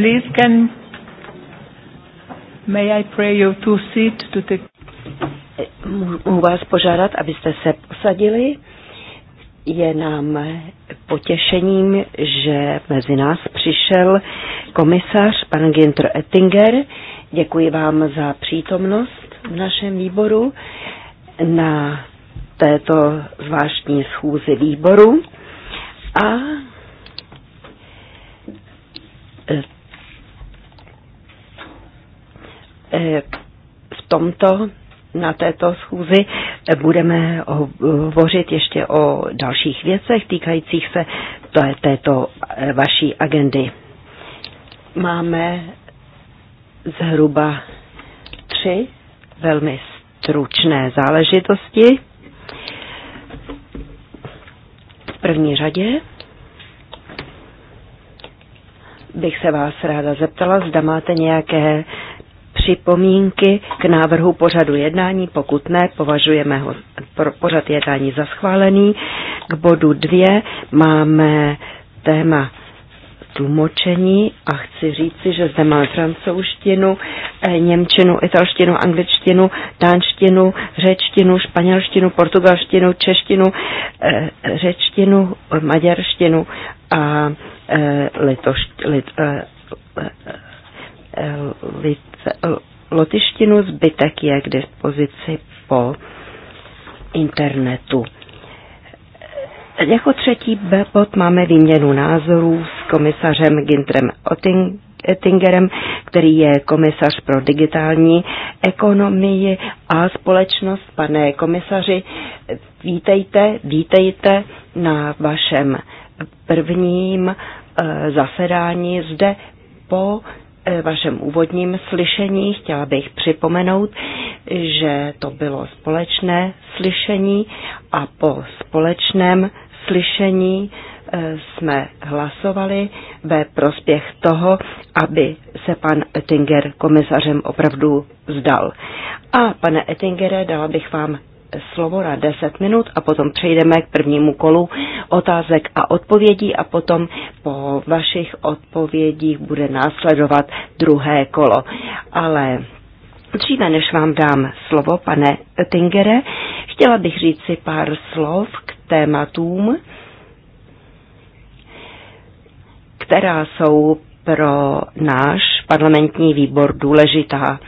Please can may I pray you to sit to take Mohu vás požádat, abyste se posadili. Je nám potěšením, že mezi nás přišel komisař pan Ginter Ettinger. Děkuji vám za přítomnost v našem výboru na této zvláštní schůzi výboru. A Eh, v tomto na této schůzi eh, budeme hovořit ještě o dalších věcech týkajících se této eh, vaší agendy. Máme zhruba tři velmi stručné záležitosti. V první řadě bych se vás ráda zeptala, zda máte nějaké připomínky k návrhu pořadu jednání. Pokud ne, považujeme ho pro pořad jednání za schválený. K bodu dvě máme téma tlumočení a chci říci, že zde máme francouzštinu, eh, němčinu, italštinu, angličtinu, tánštinu, řečtinu, španělštinu, portugalštinu, češtinu, eh, řečtinu, maďarštinu a eh, litoš, lit, lit, lotištinu, zbytek je k dispozici po internetu. Jako třetí bod máme výměnu názorů s komisařem Gintrem Oettingerem, který je komisař pro digitální ekonomii a společnost. Pane komisaři, vítejte, vítejte na vašem prvním eh, zasedání zde po Eh, vašem úvodním slyšení. Chtěla bych připomenout, že to bylo společné slyšení a po společném slyšení eh, jsme hlasovali ve prospěch toho, aby se pan Ettinger komisařem opravdu zdal. A pane Ettingere, dala bych vám slovo na 10 minut a potom přejdeme k prvnímu kolu otázek a odpovědí a potom po vašich odpovědích bude následovat druhé kolo. Ale Dříve než vám dám slovo, pane Tingere, chtěla bych říct si pár slov k tématům, která jsou pro náš parlamentní výbor důležitá.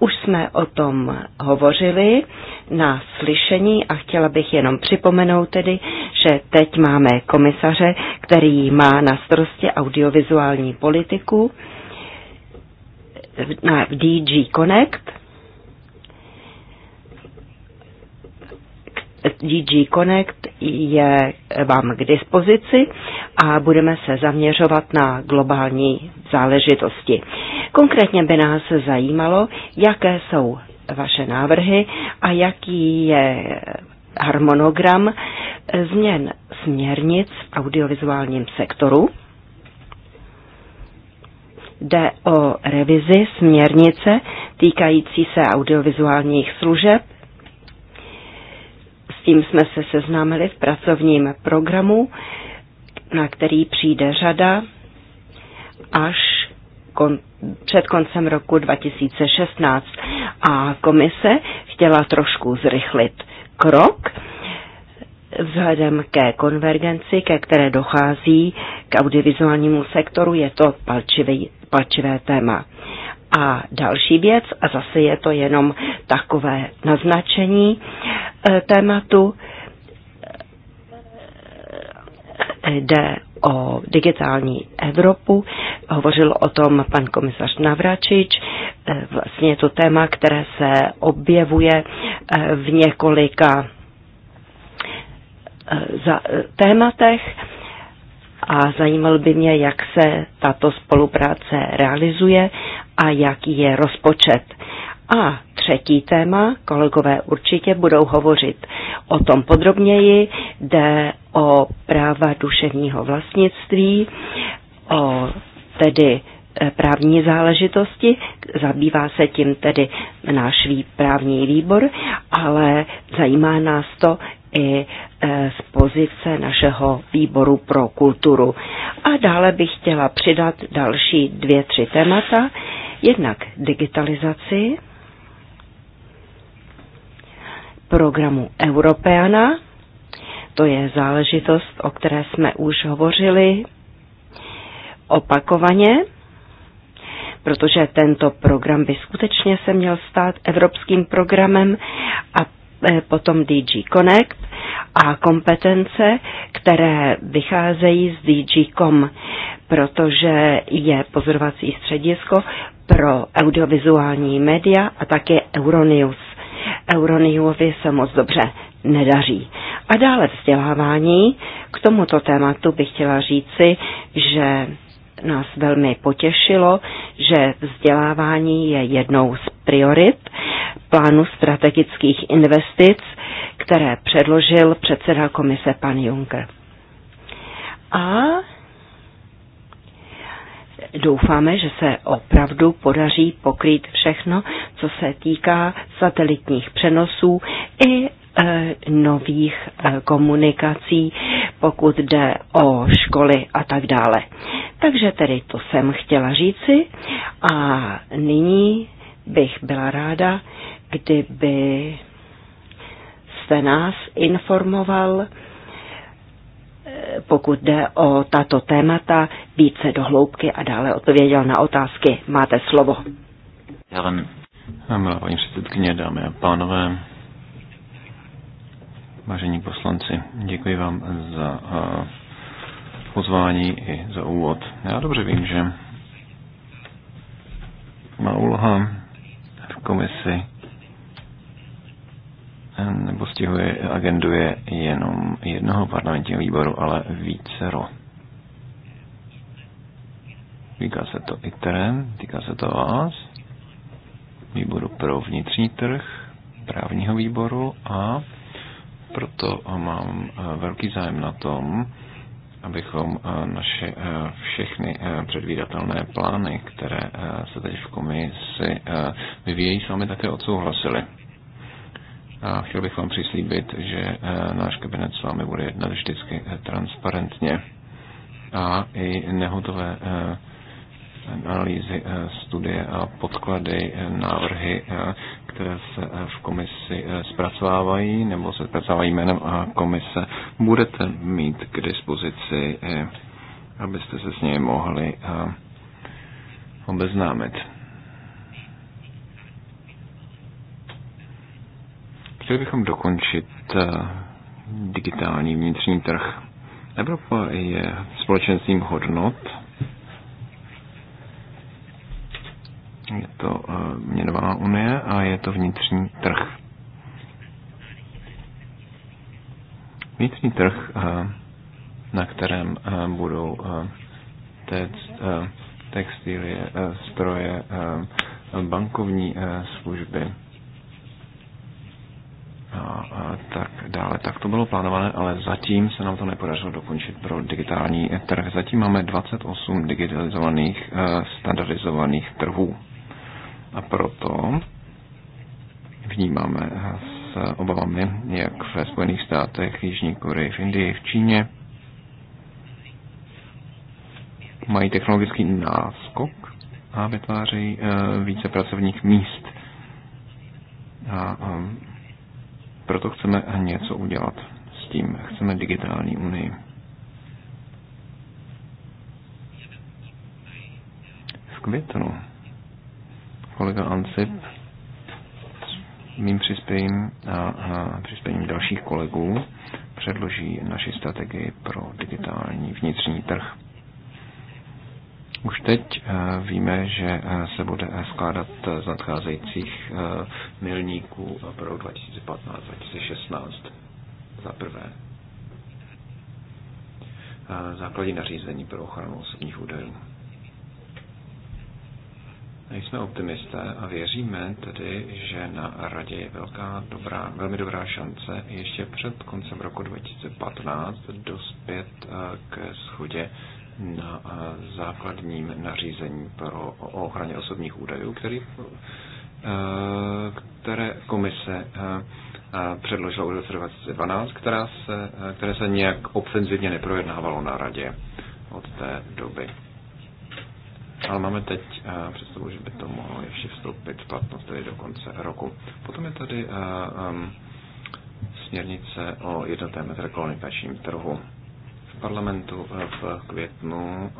Už jsme o tom hovořili na slyšení a chtěla bych jenom připomenout tedy, že teď máme komisaře, který má na starosti audiovizuální politiku na DG Connect DG Connect je vám k dispozici a budeme se zaměřovat na globální záležitosti. Konkrétně by nás zajímalo, jaké jsou vaše návrhy a jaký je harmonogram změn směrnic v audiovizuálním sektoru. Jde o revizi směrnice týkající se audiovizuálních služeb tím jsme se seznámili v pracovním programu, na který přijde řada až kon, před koncem roku 2016. A komise chtěla trošku zrychlit krok vzhledem ke konvergenci, ke které dochází k audiovizuálnímu sektoru, je to palčivý, palčivé téma. Uh, a další věc, a zase je to jenom takové naznačení e, tématu, e, jde o digitální Evropu. Hovořil o tom pan komisař Navračič. E, vlastně je to téma, které se objevuje v několika tématech a zajímal by mě, jak se tato spolupráce realizuje a jaký je rozpočet. A třetí téma, kolegové určitě budou hovořit o tom podrobněji, jde o práva duševního vlastnictví, o tedy e, právní záležitosti, zabývá se tím tedy náš právní výbor, ale zajímá nás to, i e, z pozice našeho výboru pro kulturu. A dále bych chtěla přidat další dvě, tři témata. Jednak digitalizaci programu Europeana, to je záležitost, o které jsme už hovořili opakovaně, protože tento program by skutečně se měl stát evropským programem a Eh, potom DG Connect a kompetence, které vycházejí z DG.com, protože je pozorovací středisko pro audiovizuální média a také Euronews. Euroniovi se moc dobře nedaří. A dále vzdělávání. K tomuto tématu bych chtěla říci, že nás velmi potěšilo, že vzdělávání je jednou z priorit plánu strategických investic, které předložil předseda komise pan Juncker. A doufáme, že se opravdu podaří pokrýt všechno, co se týká satelitních přenosů i Eh, nových eh, komunikací, pokud jde o školy a tak dále. Takže tedy to jsem chtěla říci a nyní bych byla ráda, kdyby se nás informoval, eh, pokud jde o tato témata, více do hloubky a dále odpověděl na otázky. Máte slovo. Já vám. Milá paní předsedkyně, dámy a pánové, Vážení poslanci, děkuji vám za eh, pozvání i za úvod. Já dobře vím, že má úloha v komisi eh, nebo stihuje agendu je jenom jednoho parlamentního výboru, ale vícero. Týká se to i terén, týká se to vás, výboru pro vnitřní trh, právního výboru a proto mám eh, velký zájem na tom, abychom eh, naše eh, všechny předvídatelné plány, které se teď v komisi vyvíjejí, sami také odsouhlasili. A chtěl bych vám přislíbit, že náš kabinet s vámi bude jednat vždycky transparentně a i nehotové analýzy, studie a podklady, návrhy které se eh, v komisi eh, zpracovávají nebo se zpracovávají jménem a eh, komise, budete mít k dispozici, abyste se s nimi mohli obeznámit. Chtěli bychom dokončit digitální vnitřní trh. Evropa je společenstvím hodnot, Je to eh, měnová unie a je to vnitřní trh. Vnitřní trh, eh, na kterém eh, budou textilie, stroje, bankovní služby a tak dále. Tak to bylo plánované, ale zatím se nám to nepodařilo dokončit pro digitální trh. Zatím máme 28 digitalizovaných standardizovaných trhů. A proto vnímáme s obavami, jak ve Spojených státech, Jižní Koreji, v Indii, v Číně, mají technologický náskok a vytvářejí eh, více pracovních míst. A ehm, proto chceme něco udělat s tím. Chceme digitální unii. V květnu kolega Ansip s mým přispěním a, a přispěním dalších kolegů předloží naši strategii pro digitální vnitřní trh. Už teď e, víme, že e, se bude skládat z nadcházejících e, milníků pro 2015-2016 za prvé. Základní nařízení pro ochranu osobních údajů. Jsme optimisté a věříme tedy, že na radě je velká, dobrá, velmi dobrá šance ještě před koncem roku 2015 dospět eh, k schodě na eh, základním nařízení pro ochraně osobních údajů, který, eh, které komise předložila už v 2012, která se, které se nějak ofenzivně neprojednávalo na radě od té doby. Ale máme teď eh, představu, že by to mohlo ještě vstoupit v platnost tedy do konce roku. Potom je tady um, směrnice o jednotném metrokolonikačním trhu. V parlamentu eh, v květnu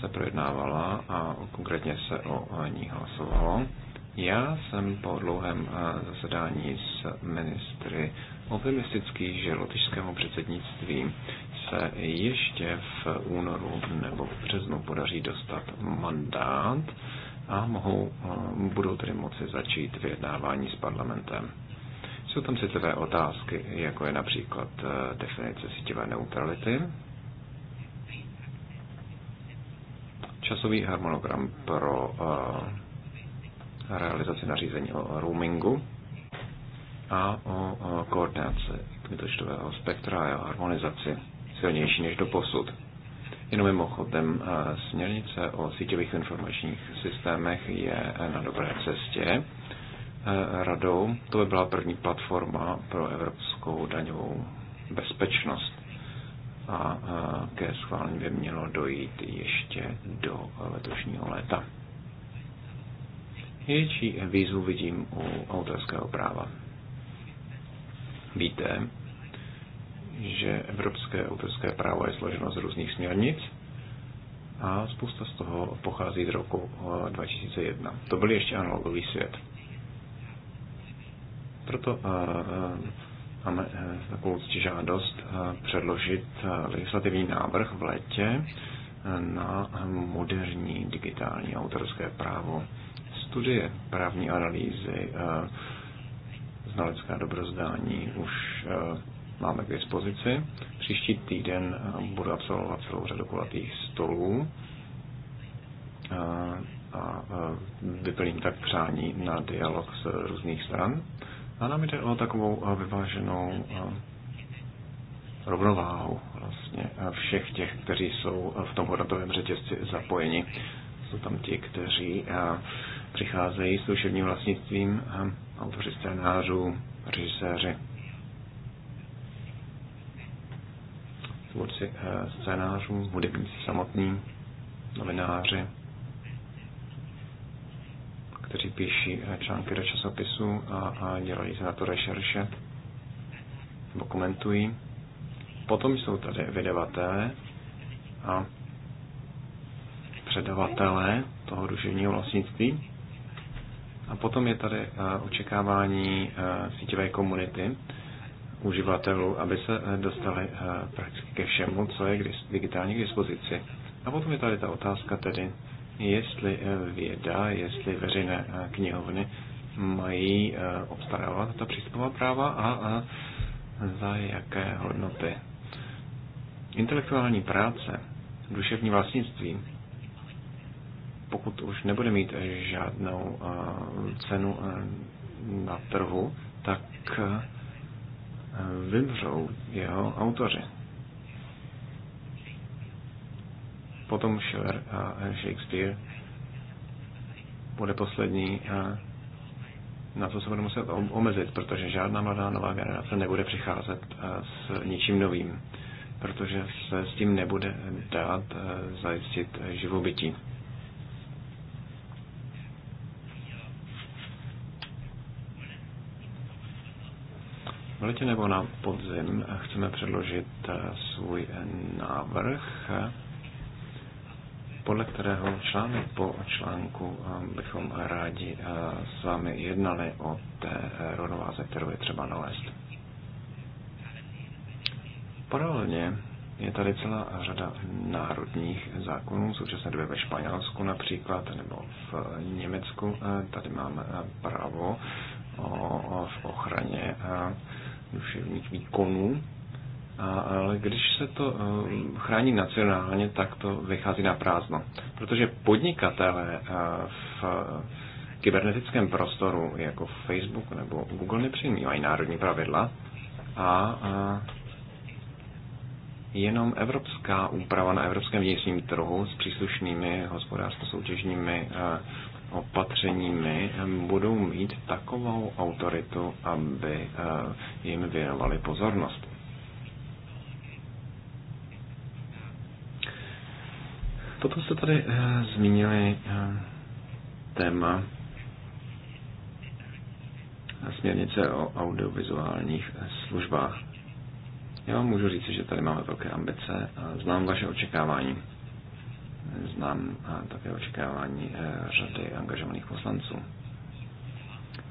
se projednávala a konkrétně se o ní hlasovalo. Já jsem po dlouhém zasedání s ministry optimistický, že lotyšskému předsednictví se ještě v únoru nebo v březnu podaří dostat mandát a mohou, eh, budou tedy moci začít vyjednávání s parlamentem. Jsou tam citlivé otázky, jako je například eh, definice sítivé neutrality, časový harmonogram pro eh, realizaci nařízení o roamingu a o koordinaci kmitočtového spektra a jeho harmonizaci silnější než do posud. Jenom mimochodem, eh, směrnice o síťových informačních systémech je eh, na dobré cestě eh, radou. To by byla první platforma pro evropskou daňovou bezpečnost. A ke schválení by mělo dojít ještě do letošního léta. Největší výzvu vidím u autorského práva. Víte, že evropské autorské právo je složeno z různých směrnic a spousta z toho pochází z roku 2001. Eh, to byl ještě analogový svět. Proto eh, eh, máme takovou žádost předložit legislativní návrh v létě na moderní digitální autorské právo. Studie právní analýzy, znalecká dobrozdání už máme k dispozici. Příští týden eh, budu absolvovat celou řadu kulatých stolů eh, a eh, vyplním tak přání na dialog z různých stran. A nám jde o takovou vyváženou rovnováhu vlastně všech těch, kteří jsou v tom hodnotovém řetězci zapojeni. Jsou tam ti, kteří přicházejí s duševním vlastnictvím, autoři scénářů, režiséři, tvůrci eh, scénářů, hudebníci samotní, novináři, kteří píší eh, články do časopisu a, a dělají se na to rešerše, dokumentují. Potom jsou tady vydavatelé a předavatelé toho duševního vlastnictví. A potom je tady eh, očekávání síťové komunity, uživatelů, aby se eh, dostali eh, prakticky ke všemu, co je digitálně k dispozici. A potom je tady ta otázka tedy, jestli eh, věda, jestli veřejné knihovny mají obstarávat ta přístupová práva a, za jaké hodnoty. Intelektuální práce, duševní vlastnictví, pokud už nebude mít žádnou cenu na trhu, tak vymřou jeho autoři. Potom Schiller a Shakespeare bude poslední a na co se bude muset omezit, protože žádná mladá nová generace nebude přicházet eh, s ničím novým, protože se s tím nebude dát eh, zajistit živobytí. letě nebo na podzim chceme předložit eh, svůj eh, návrh, eh, podle kterého článek po článku bychom rádi s vámi jednali o té rovnováze, kterou je třeba nalézt. Paralelně je tady celá řada národních zákonů, současně současné ve Španělsku například, nebo v Německu. Tady máme právo o, o ochraně duševních výkonů, a, ale když se to eh, chrání nacionálně, tak to vychází na prázdno. Protože podnikatele eh, v kybernetickém prostoru, jako Facebook nebo Google, nepřijímají národní pravidla a, a eh, jenom evropská úprava na evropském vnitřním trhu s příslušnými hospodářsko-soutěžními opatřeními budou mít takovou autoritu, aby eh, jim věnovali pozornost. Potom jste tady eh, zmínili eh, téma směrnice o audiovizuálních službách. Já vám můžu říct, že tady máme velké ambice a znám vaše očekávání znám také očekávání eh, řady angažovaných poslanců.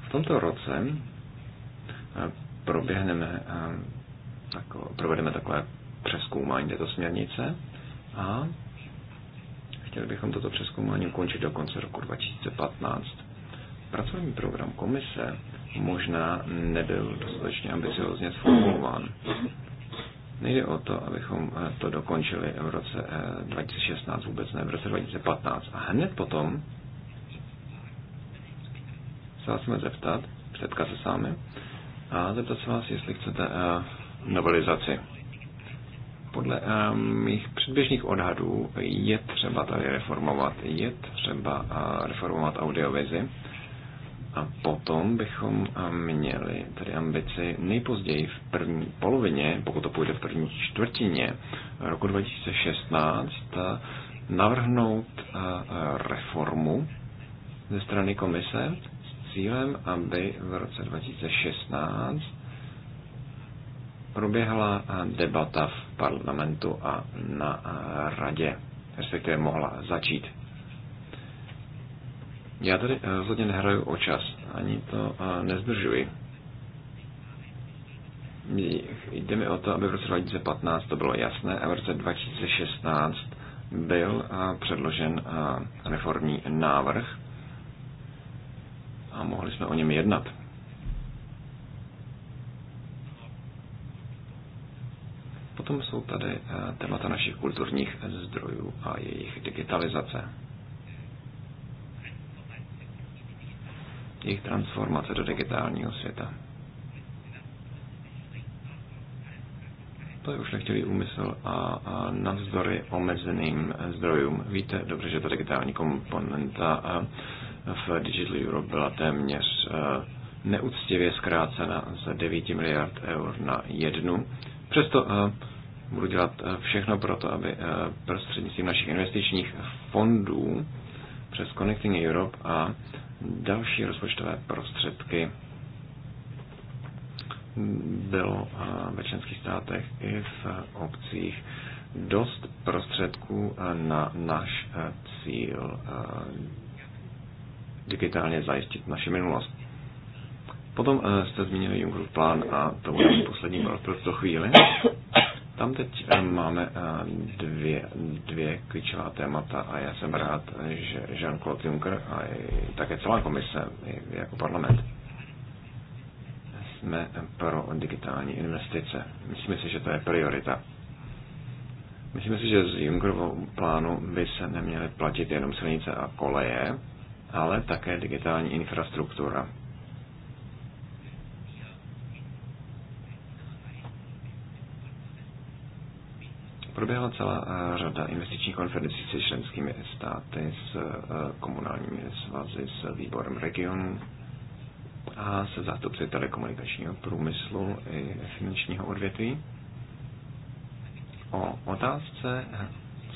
V tomto roce eh, proběhneme, eh, tako, provedeme takové přeskoumání této směrnice a chtěli bychom toto přeskoumání ukončit do konce roku 2015. Pracovní program komise možná nebyl dostatečně ambiciozně sformulován. Nejde o to, abychom eh, to dokončili v roce 2016, eh, vůbec ne, v roce 2015. A hned potom se vás zeptat, setkat se s vámi, a zeptat se vás, jestli chcete uh, novelizaci. Podle uh, mých předběžných odhadů je třeba tady reformovat, je třeba uh, reformovat audiovizi a potom bychom měli tedy ambici nejpozději v první polovině, pokud to půjde v první čtvrtině roku 2016, navrhnout reformu ze strany komise s cílem, aby v roce 2016 proběhla debata v parlamentu a na radě, respektive mohla začít já tady eh, rozhodně nehraju o čas, ani to eh, nezdržuji. Jde mi o to, aby v roce 2015 to bylo jasné a v roce 2016 byl eh, předložen reformní návrh a mohli jsme o něm jednat. Potom jsou tady témata našich kulturních zdrojů a jejich digitalizace. jejich transformace do digitálního světa. To je už nechtělý úmysl a, a navzdory omezeným zdrojům. Víte dobře, že ta digitální komponenta v Digital Europe byla téměř neúctivě zkrácena z 9 miliard eur na jednu. Přesto budu dělat všechno pro to, aby prostřednictvím našich investičních fondů přes Connecting Europe a další rozpočtové prostředky bylo ve členských státech i v obcích dost prostředků na náš cíl digitálně zajistit naši minulost. Potom jste zmínili Junckerův plán a to bude poslední krok pro tuto chvíli. Tam teď eh, máme eh, dvě, dvě klíčová témata a já jsem rád, že Jean-Claude Juncker a také celá komise jako parlament jsme pro digitální investice. Myslím si, že to je priorita. Myslím si, že z Junckerovou plánu by se neměly platit jenom silnice a koleje, ale také digitální infrastruktura Proběhla celá eh, řada investičních konferencí se členskými státy, s eh, komunálními svazy, s výborem regionů a se zástupci telekomunikačního průmyslu i finančního odvětví o otázce,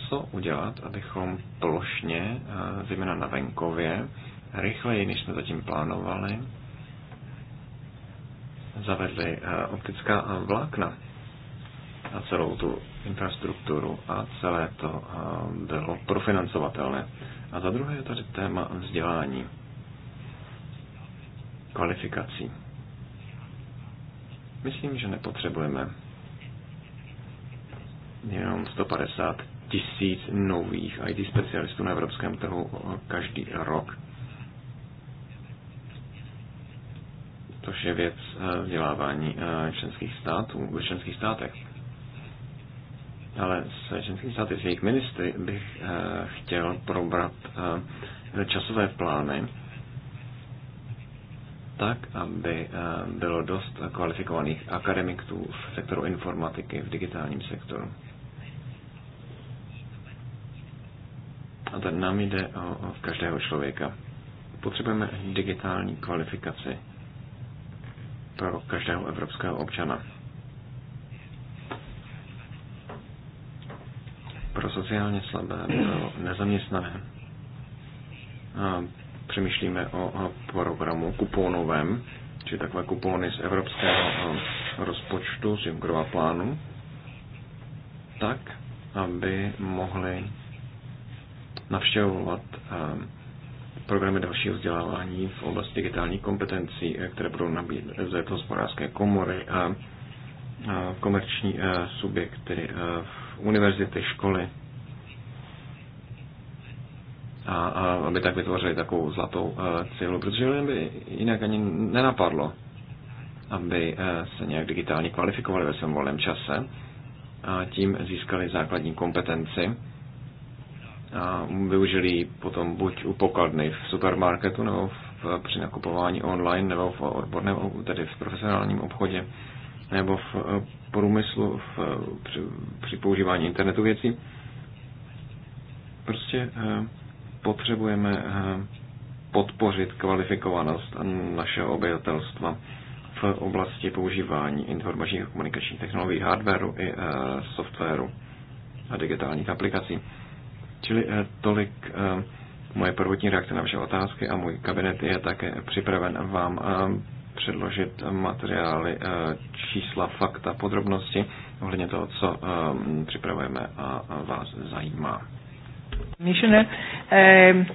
co udělat, abychom plošně, eh, zejména na venkově, rychleji, než jsme zatím plánovali, zavedli optická vlákna a celou tu infrastrukturu a celé to eh, bylo profinancovatelné. A za druhé je tady téma vzdělání, kvalifikací. Myslím, že nepotřebujeme jenom 150 tisíc nových IT specialistů na evropském trhu každý rok. To je věc eh, vzdělávání eh, členských států, v členských státech ale s ženskými státy, s jejich ministry bych eh, chtěl probrat eh, časové plány tak, aby eh, bylo dost kvalifikovaných akademiků v sektoru informatiky, v digitálním sektoru. A tady nám jde o, o každého člověka. Potřebujeme digitální kvalifikaci pro každého evropského občana. sociálně slabé, pro nezaměstnané. A přemýšlíme o programu kuponovém, či takové kupóny z evropského rozpočtu, z Junckerova plánu, tak, aby mohli navštěvovat programy dalšího vzdělávání v oblasti digitálních kompetencí, e, které budou z hospodářské komory, a komerční e, subjekty, e, v univerzity, školy a, a aby tak vytvořili takovou zlatou eh, cílu, protože jim by jinak ani nenapadlo, aby eh, se nějak digitálně kvalifikovali ve svém volném čase a tím získali základní kompetenci a využili ji potom buď u pokladny v supermarketu nebo v, při nakupování online nebo v odborném, tedy v profesionálním obchodě nebo v eh, průmyslu v, při, při používání internetu věcí. Prostě eh, potřebujeme eh, podpořit kvalifikovanost našeho obyvatelstva v oblasti používání informačních a komunikačních technologií, hardwareu i eh, softwaru a digitálních aplikací. Čili eh, tolik moje prvotní reakce na vaše otázky a můj kabinet je také připraven vám předložit materiály, čísla, fakta, podrobnosti ohledně toho, co připravujeme a vás zajímá. Commissioner, eh,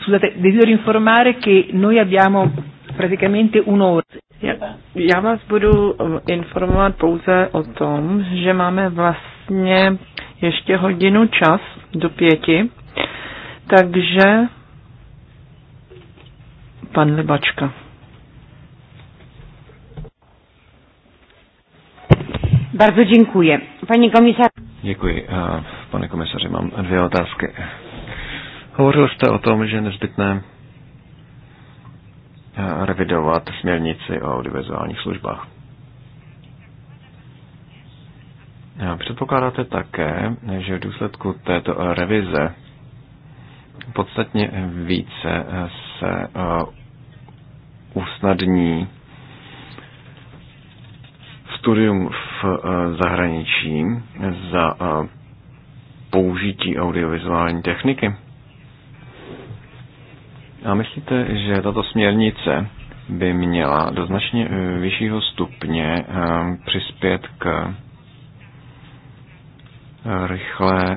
scusate, desidero informare che noi abbiamo praticamente un'ora. Já vás budu eh, informovat pouze o tom, že máme vlastně ještě hodinu čas do pěti, takže pan Libačka. Bardzo dziękuję. Pani komisar. Děkuji. Uh pane komisaři, mám dvě otázky. Hovořil jste o tom, že je nezbytné eh, revidovat směrnici o audiovizuálních službách. Eh, předpokládáte také, že v důsledku této eh, revize podstatně více se usnadní studium v zahraničí za použití audiovizuální techniky. A myslíte, že tato směrnice by měla do značně eh, vyššího stupně eh, přispět k eh, rychlé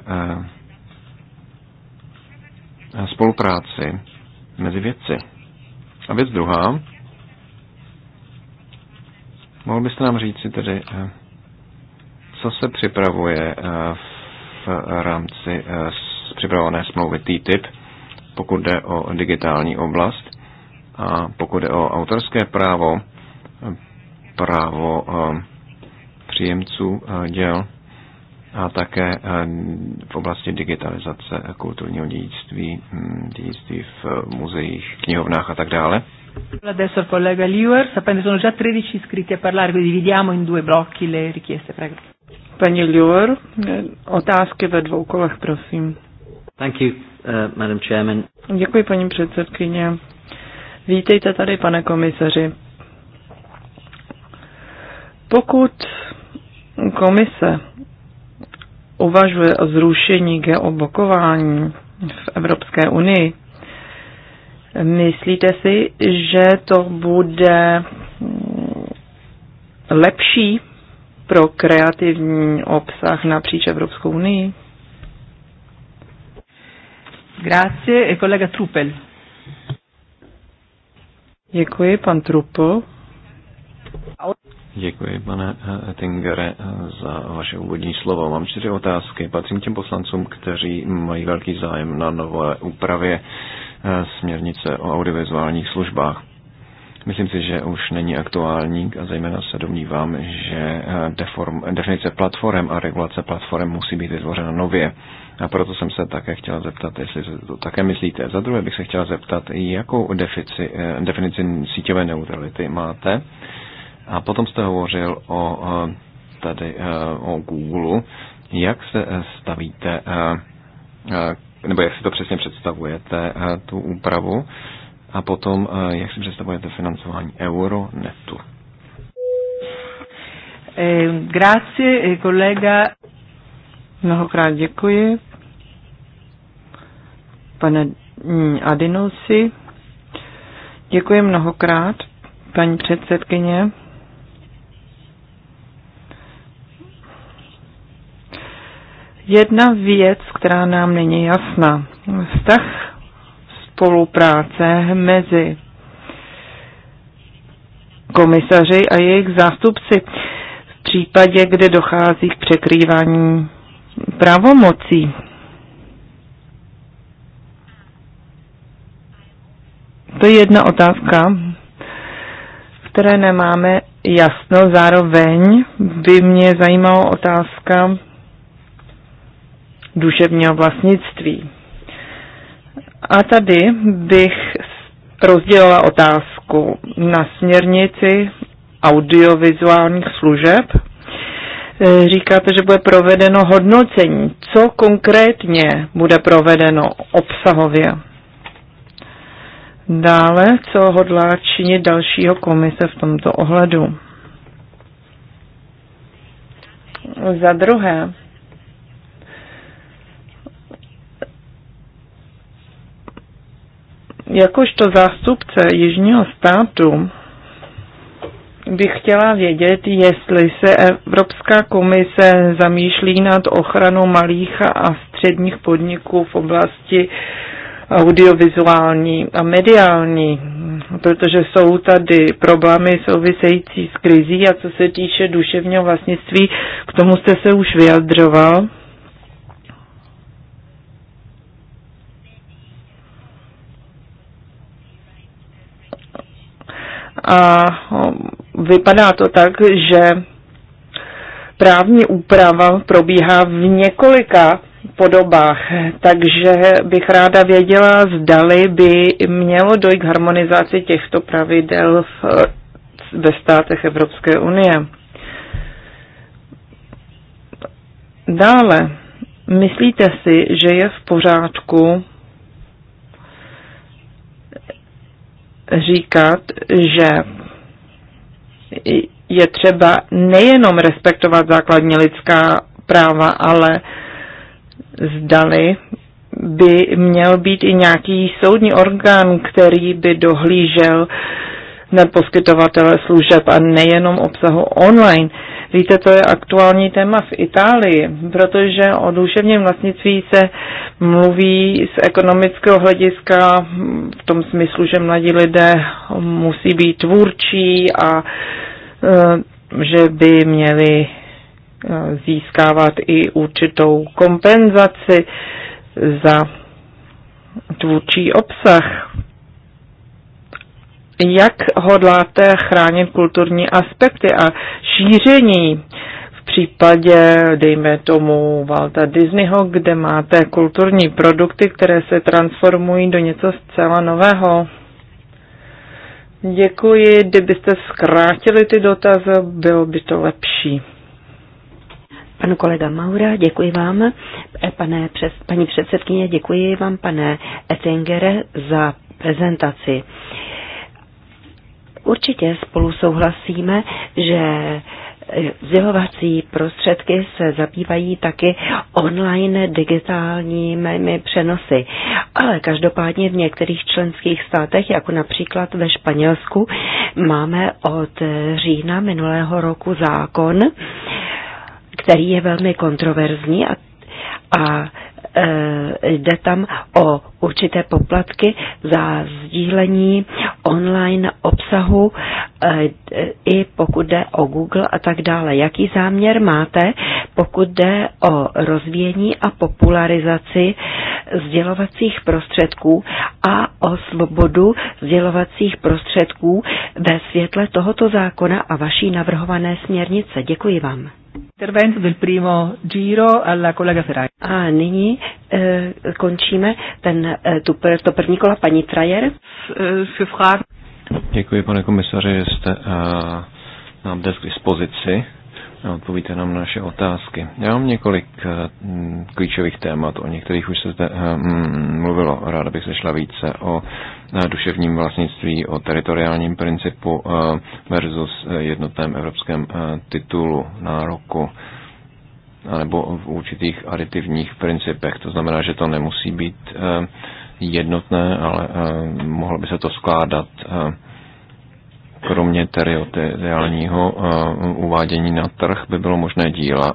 spolupráci mezi vědci. A věc druhá, mohl byste nám říci tedy, co se připravuje v v rámci eh, připravované smlouvy TTIP, pokud jde o digitální oblast a pokud jde o autorské právo, právo eh, příjemců eh, děl a také v oblasti digitalizace kulturního dědictví, hm, dědictví v muzeích, knihovnách a tak dále. Adesso il collega Liuer, sapendo sono già 13 iscritti a parlare, quindi dividiamo in due blocchi le richieste, prego. Paní Lure, otázky ve dvou kolech, prosím. Thank you, uh, Madam Chairman. Děkuji, paní předsedkyně. Vítejte tady, pane komisaři. Pokud komise uvažuje o zrušení geoblokování v Evropské unii, myslíte si, že to bude lepší pro kreativní obsah napříč Evropskou unii? Grazie, kolega e Trupel. Děkuji, pan Trupo. Děkuji, pane eh, Ettingere, eh, za vaše úvodní slovo. Mám čtyři otázky. Patřím těm poslancům, kteří mají velký zájem na nové úpravě eh, směrnice o audiovizuálních službách. Myslím si, že už není aktuální a zejména se domnívám, že eh, deform, definice platform a regulace platform musí být vytvořena nově. A proto jsem se také chtěla zeptat, jestli to také myslíte. Za druhé bych se chtěla zeptat, jakou defici, eh, definici síťové neutrality máte. A potom jste hovořil o eh, tady o Google. Jak se stavíte, nebo jak si to přesně představujete, tu úpravu? A potom, eh, jak si představujete financování euro netu? Eh, grazie, eh, kolega. Mnohokrát děkuji. Pane Adinusi, děkuji mnohokrát, paní předsedkyně. Jedna věc, která nám není jasná. Vztah spolupráce mezi komisaři a jejich zástupci v případě, kde dochází k překrývání pravomocí. To je jedna otázka, v které nemáme jasno. Zároveň by mě zajímala otázka duševního vlastnictví. A tady bych rozdělila otázku na směrnici audiovizuálních služeb. E, říkáte, že bude provedeno hodnocení. Co konkrétně bude provedeno obsahově? Dále, co hodlá činit dalšího komise v tomto ohledu? Za druhé, jakožto zástupce Jižního státu bych chtěla vědět, jestli se Evropská komise zamýšlí nad ochranou malých a středních podniků v oblasti audiovizuální a mediální, protože jsou tady problémy související s krizí a co se týče duševního vlastnictví, k tomu jste se už vyjadřoval. a vypadá to tak, že právní úprava probíhá v několika podobách, takže bych ráda věděla, zdali by mělo dojít k harmonizaci těchto pravidel v, ve státech Evropské unie. Dále, myslíte si, že je v pořádku říkat, že je třeba nejenom respektovat základní lidská práva, ale zdali by měl být i nějaký soudní orgán, který by dohlížel na poskytovatele služeb a nejenom obsahu online. Uh, Víte, to je aktuální téma v Itálii, protože o duševním vlastnictví se mluví z ekonomického hlediska v tom smyslu, že mladí lidé musí být tvůrčí a eh, že by měli eh, získávat i určitou kompenzaci za tvůrčí obsah jak hodláte chránit kulturní aspekty a šíření v případě, dejme tomu, Walta Disneyho, kde máte kulturní produkty, které se transformují do něco zcela nového. Děkuji, kdybyste zkrátili ty dotazy, bylo by to lepší. Pan kolega Maura, děkuji vám. E, pane, přes, paní předsedkyně, děkuji vám, pane Ettingere, za prezentaci. Určitě spolu souhlasíme, že sdělovací eh, prostředky se zabývají taky online digitálními přenosy. Ale každopádně v některých členských státech, jako například ve Španělsku, máme od října minulého roku zákon, který je velmi kontroverzní a, a Eh, jde tam o určité poplatky za sdílení online obsahu, eh, i pokud jde o Google a tak dále. Jaký záměr máte, pokud jde o rozvíjení a popularizaci sdělovacích prostředků a o svobodu sdělovacích prostředků ve světle tohoto zákona a vaší navrhované směrnice? Děkuji vám. Intervento del primo giro alla collega Ferrari. A nyní eh, končíme ten, eh, tu, to první kola paní Trajer. Eh, Děkuji, pane komisaři, že jste uh, nám dnes k dispozici a odpovíte nám na naše otázky. Já mám několik eh, klíčových témat, o některých už se zde mm, mluvilo, ráda bych sešla více o duševním vlastnictví, o teritoriálním principu eh, versus eh, jednotném evropském eh, titulu nároku nebo v určitých aditivních principech. To znamená, že to nemusí být jednotné, ale mohlo by se to skládat kromě teritoriálního uvádění na trh by bylo možné díla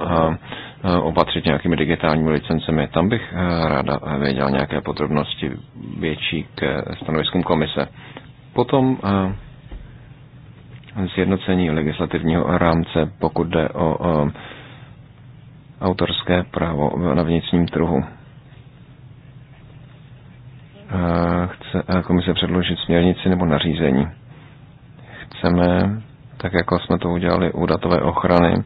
Eh, opatřit nějakými digitálními licencemi. Tam bych eh, ráda věděl nějaké podrobnosti větší k eh, stanoviskům komise. Potom zjednocení legislativního rámce, pokud jde o autorské právo na vnitřním trhu. Chce komise předložit směrnici nebo nařízení. Chceme, tak jako jsme to udělali u datové ochrany,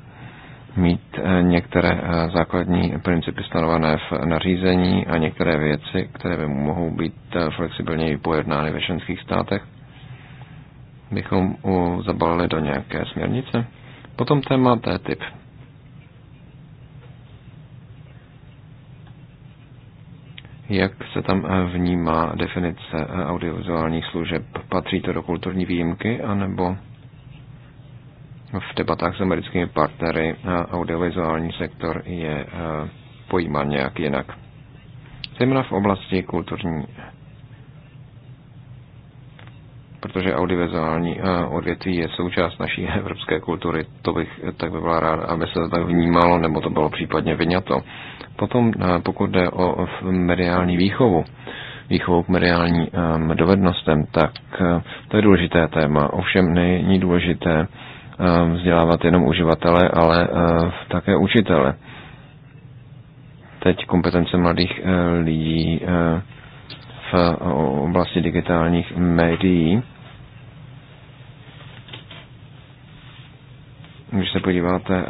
mít eh, některé eh, základní principy stanovené v nařízení a některé věci, které by mohou být eh, flexibilněji pojednány ve členských státech, bychom zabalili do nějaké směrnice. Potom téma té typ. Jak se tam vnímá definice audiovizuálních služeb? Patří to do kulturní výjimky, anebo v debatách s americkými partnery audiovizuální sektor je eh, pojímán nějak jinak. Zejména v oblasti kulturní protože audiovizuální eh, odvětví je součást naší evropské kultury. To bych eh, tak by byla rád, aby se to tak vnímalo, nebo to bylo případně vyňato. Potom, pokud jde o mediální výchovu, výchovou k mediálním dovednostem, tak to je důležité téma. Ovšem není důležité Eh, vzdělávat jenom uživatele, ale eh, také učitele. Teď kompetence mladých eh, lidí v oblasti digitálních médií. Když se podíváte,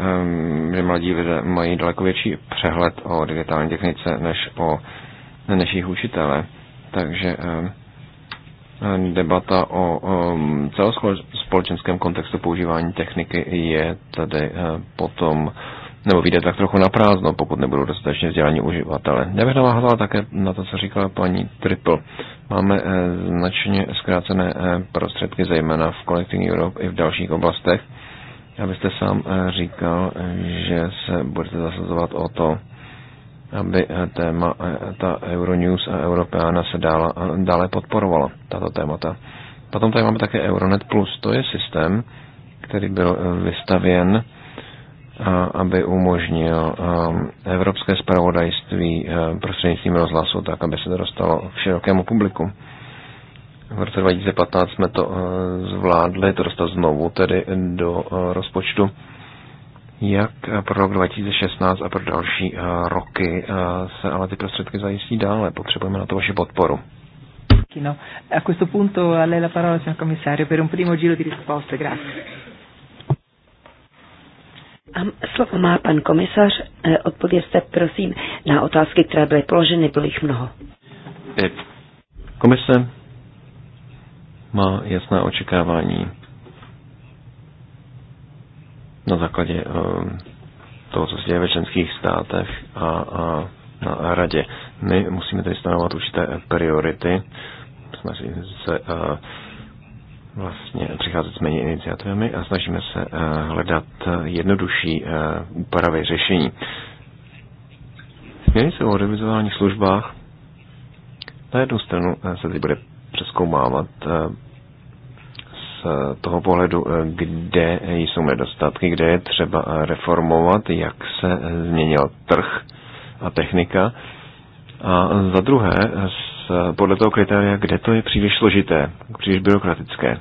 že mladí lidé mají daleko větší přehled o digitální technice než o než jejich učitele, takže debata o celospolečenském kontextu používání techniky je tady eh, potom nebo vyjde tak trochu na prázdno, pokud nebudou dostatečně vzdělaní uživatele. Já bych navázala také na to, co říkala paní Triple. Máme eh, značně zkrácené eh, prostředky, zejména v Collecting Europe i v dalších oblastech. Abyste sám říkal, že se budete zasazovat o to, aby eh, téma eh, ta Euronews a Europeana se dále, eh, dále podporovala, tato témata. Potom tady máme také Euronet+, Plus. to je systém, který byl vystavěn, aby umožnil ehm, evropské spravodajství prostřednictvím rozhlasu, tak aby se to dostalo k širokému publiku. V roce 2015 jsme to zvládli, to dostat znovu tedy do rozpočtu jak eh, pro rok 2016 a pro další eh, roky eh, se ale ty prostředky zajistí dále. Potřebujeme na to vaši podporu. No. A questo punto a lei la parola, signor commissario, per un primo giro di risposte. Grazie. A slovo má pan komisař. Odpovězte prosím na otázky, které byly položeny, bylo jich mnoho. Komise má jasné očekávání na základě eh, toho, co se děje ve členských státech a, a na radě. My musíme tedy stanovat určité priority, snažíme se eh, vlastně přicházet s méně iniciativami a snažíme se a, eh, hledat jednodušší a, úpravy řešení. Směrnice o audiovizuálních službách na jednu stranu se teď bude přeskoumávat Eh, toho pohledu, eh, kde jsou nedostatky, kde je třeba eh, reformovat, jak se změnil trh a technika. A za druhé, podle toho kritéria, kde to je příliš složité, příliš byrokratické.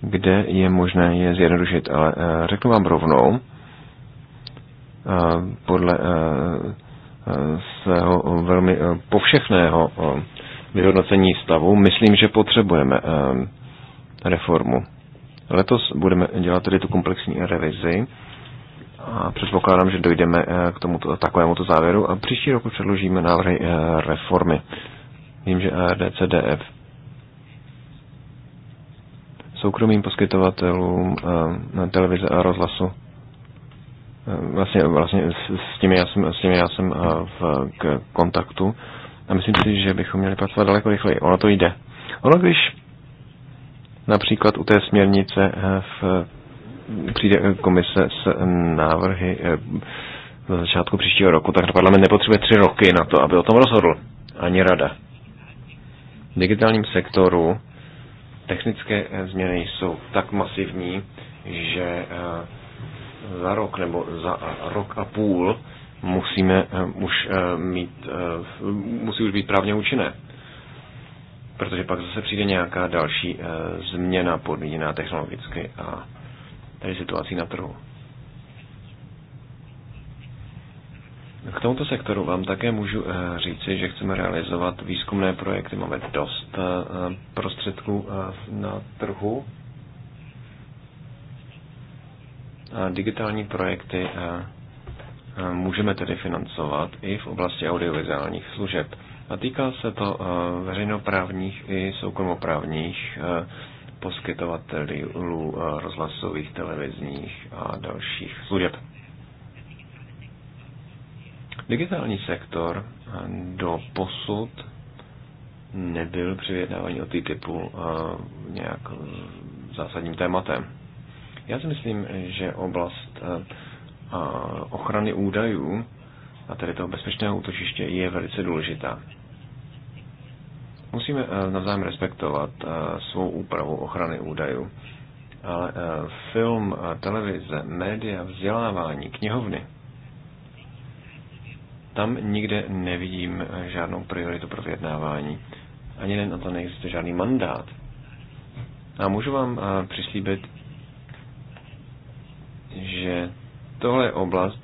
Kde je možné je zjednodušit, ale řeknu vám rovnou, podle svého velmi povšechného vyhodnocení stavu, myslím, že potřebujeme ehm, reformu. Letos budeme dělat tedy tu komplexní revizi a předpokládám, že dojdeme eh, k tomuto, takovému to závěru a příští roku předložíme návrhy eh, reformy. Vím, že ARD, CDF soukromým poskytovatelům eh, televize a rozhlasu vlastně, vlastně s, těmi já jsem, s tím já jsem v k kontaktu a myslím si, že bychom měli pracovat daleko rychleji. Ono to jde. Ono, když například u té směrnice eh, v, přijde eh, komise s eh, návrhy na začátku příštího roku, tak parlament nepotřebuje tři roky na to, aby o tom rozhodl. Ani rada. V digitálním sektoru technické změny jsou tak masivní, že za rok nebo za rok a půl musíme eh, už eh, mít, eh, musí už být právně účinné. Protože pak zase přijde nějaká další změna podmíněná technologicky a tedy situací na trhu. K tomuto sektoru vám také můžu říci, že chceme realizovat výzkumné projekty. Máme dost prostředků na trhu. Digitální projekty Eh, můžeme tedy financovat i v oblasti audiovizuálních služeb. A týká se to eh, veřejnoprávních i soukromoprávních eh, poskytovatelů rozhlasových, televizních a dalších služeb. Digitální sektor do posud nebyl při vyjednávání o typu nějak zásadním tématem. Já si myslím, že oblast ochrany údajů, a tedy toho bezpečného útočiště, je velice důležitá. Musíme e, navzájem respektovat e, svou úpravu ochrany údajů, ale e, film, televize, média, vzdělávání, knihovny, tam nikde nevidím žádnou prioritu pro vyjednávání. Ani na to neexistuje žádný mandát. A můžu vám přislíbit, že tohle je oblast,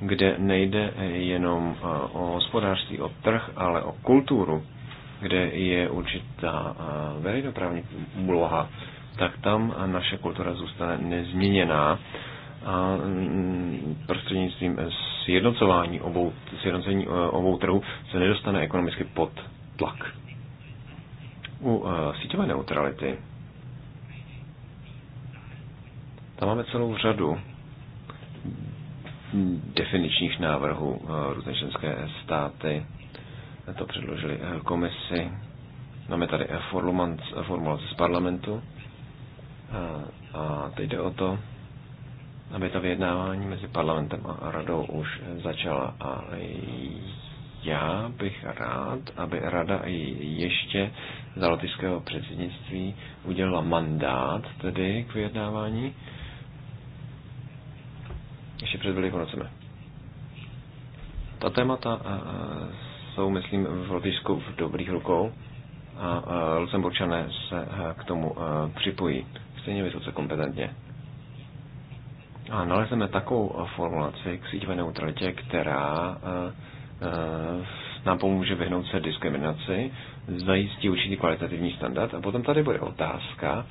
kde nejde jenom eh, o hospodářství, o trh, ale o kulturu, kde je určitá eh, veřejnoprávní úloha, tak tam naše kultura zůstane nezměněná a mm, prostřednictvím sjednocování obou, sjednocení eh, obou trhu se nedostane ekonomicky pod tlak. U síťové neutrality tam máme celou řadu definičních návrhů eh, různé členské státy. To předložili eh, komisi. Máme tady eh, formulace z parlamentu. A teď jde o to, aby to vyjednávání mezi parlamentem a radou už začala. A já bych rád, aby rada ještě za lotyšského předsednictví udělala mandát tedy k vyjednávání ještě před Velikonocemi. Ta témata eh, eh, jsou, myslím, v Lotyšsku v dobrých rukou a eh, Lucemburčané se k tomu připojí stejně vysoce kompetentně. A nalezneme takovou formulaci k síťové neutralitě, která nám pomůže vyhnout se diskriminaci, zajistí určitý kvalitativní standard a potom tady bude otázka,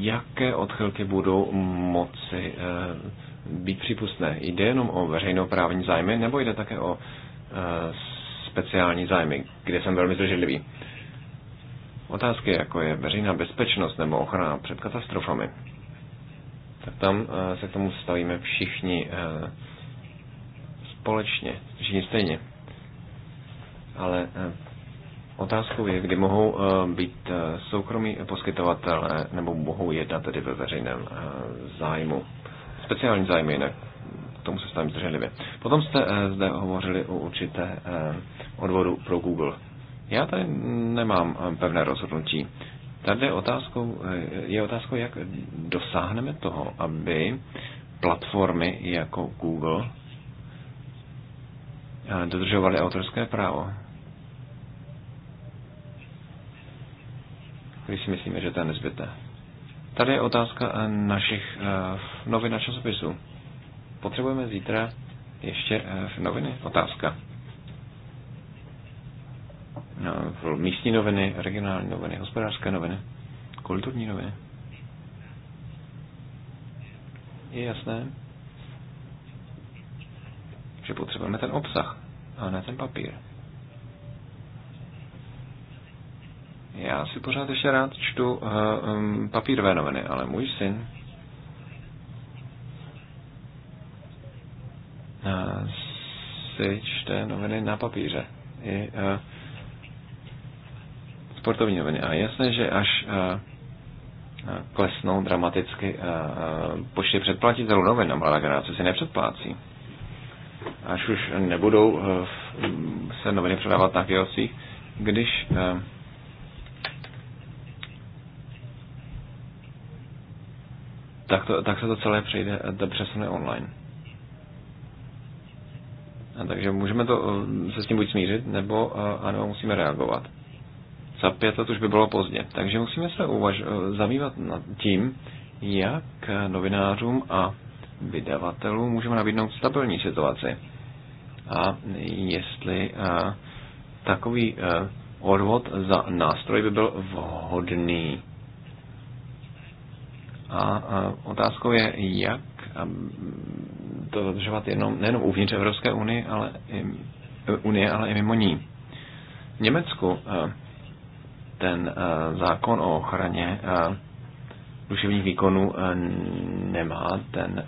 jaké odchylky budou moci eh, být přípustné. Jde jenom o veřejnoprávní zájmy nebo jde také o eh, speciální zájmy, kde jsem velmi zdrženlivý? Otázky, jako je veřejná bezpečnost nebo ochrana před katastrofami, tak tam eh, se k tomu stavíme všichni společně, všichni stejně. Ale Otázkou je, kdy mohou eh, být eh, soukromí poskytovatelé nebo mohou jednat tedy ve veřejném eh, zájmu. Speciální zájmy, jinak k tomu se stavím zdrženlivě. Potom jste zde hovořili o určité odvodu pro Google. Já tady nemám pevné rozhodnutí. Tady je otázkou, je otázkou, jak dosáhneme toho, aby platformy jako Google dodržovaly autorské právo. když si myslíme, že to je nezbytné. Tady je otázka eh, našich eh, novin a časopisů. Potřebujeme zítra ještě v eh, noviny? Otázka. No, v místní noviny, regionální noviny, hospodářské noviny, kulturní noviny. Je jasné, že potřebujeme ten obsah, a ne ten papír. Já si pořád ještě rád čtu uh, um, papírové noviny, ale můj syn uh, si čte noviny na papíře. I uh, sportovní noviny. A jasné, že až uh, klesnou dramaticky uh, počty předplatitelů novin, na mladá generace si nepředplácí. Až už nebudou uh, se noviny předávat na kioscích, když uh, tak, to, tak se to celé přejde, eh, přesune online. A takže můžeme to, eh, se s tím buď smířit, nebo eh, ano, musíme reagovat. Za pět let už by bylo pozdě. Takže musíme se uvaž, zabývat nad tím, jak novinářům a vydavatelům můžeme nabídnout stabilní situaci. A jestli a, takový a, odvod za nástroj by byl vhodný a otázkou je, jak to dodržovat jenom, nejenom uvnitř Evropské unie, ale i, unie, ale i mimo ní. V Německu e, ten e, zákon o ochraně e, duševních výkonů nemá ten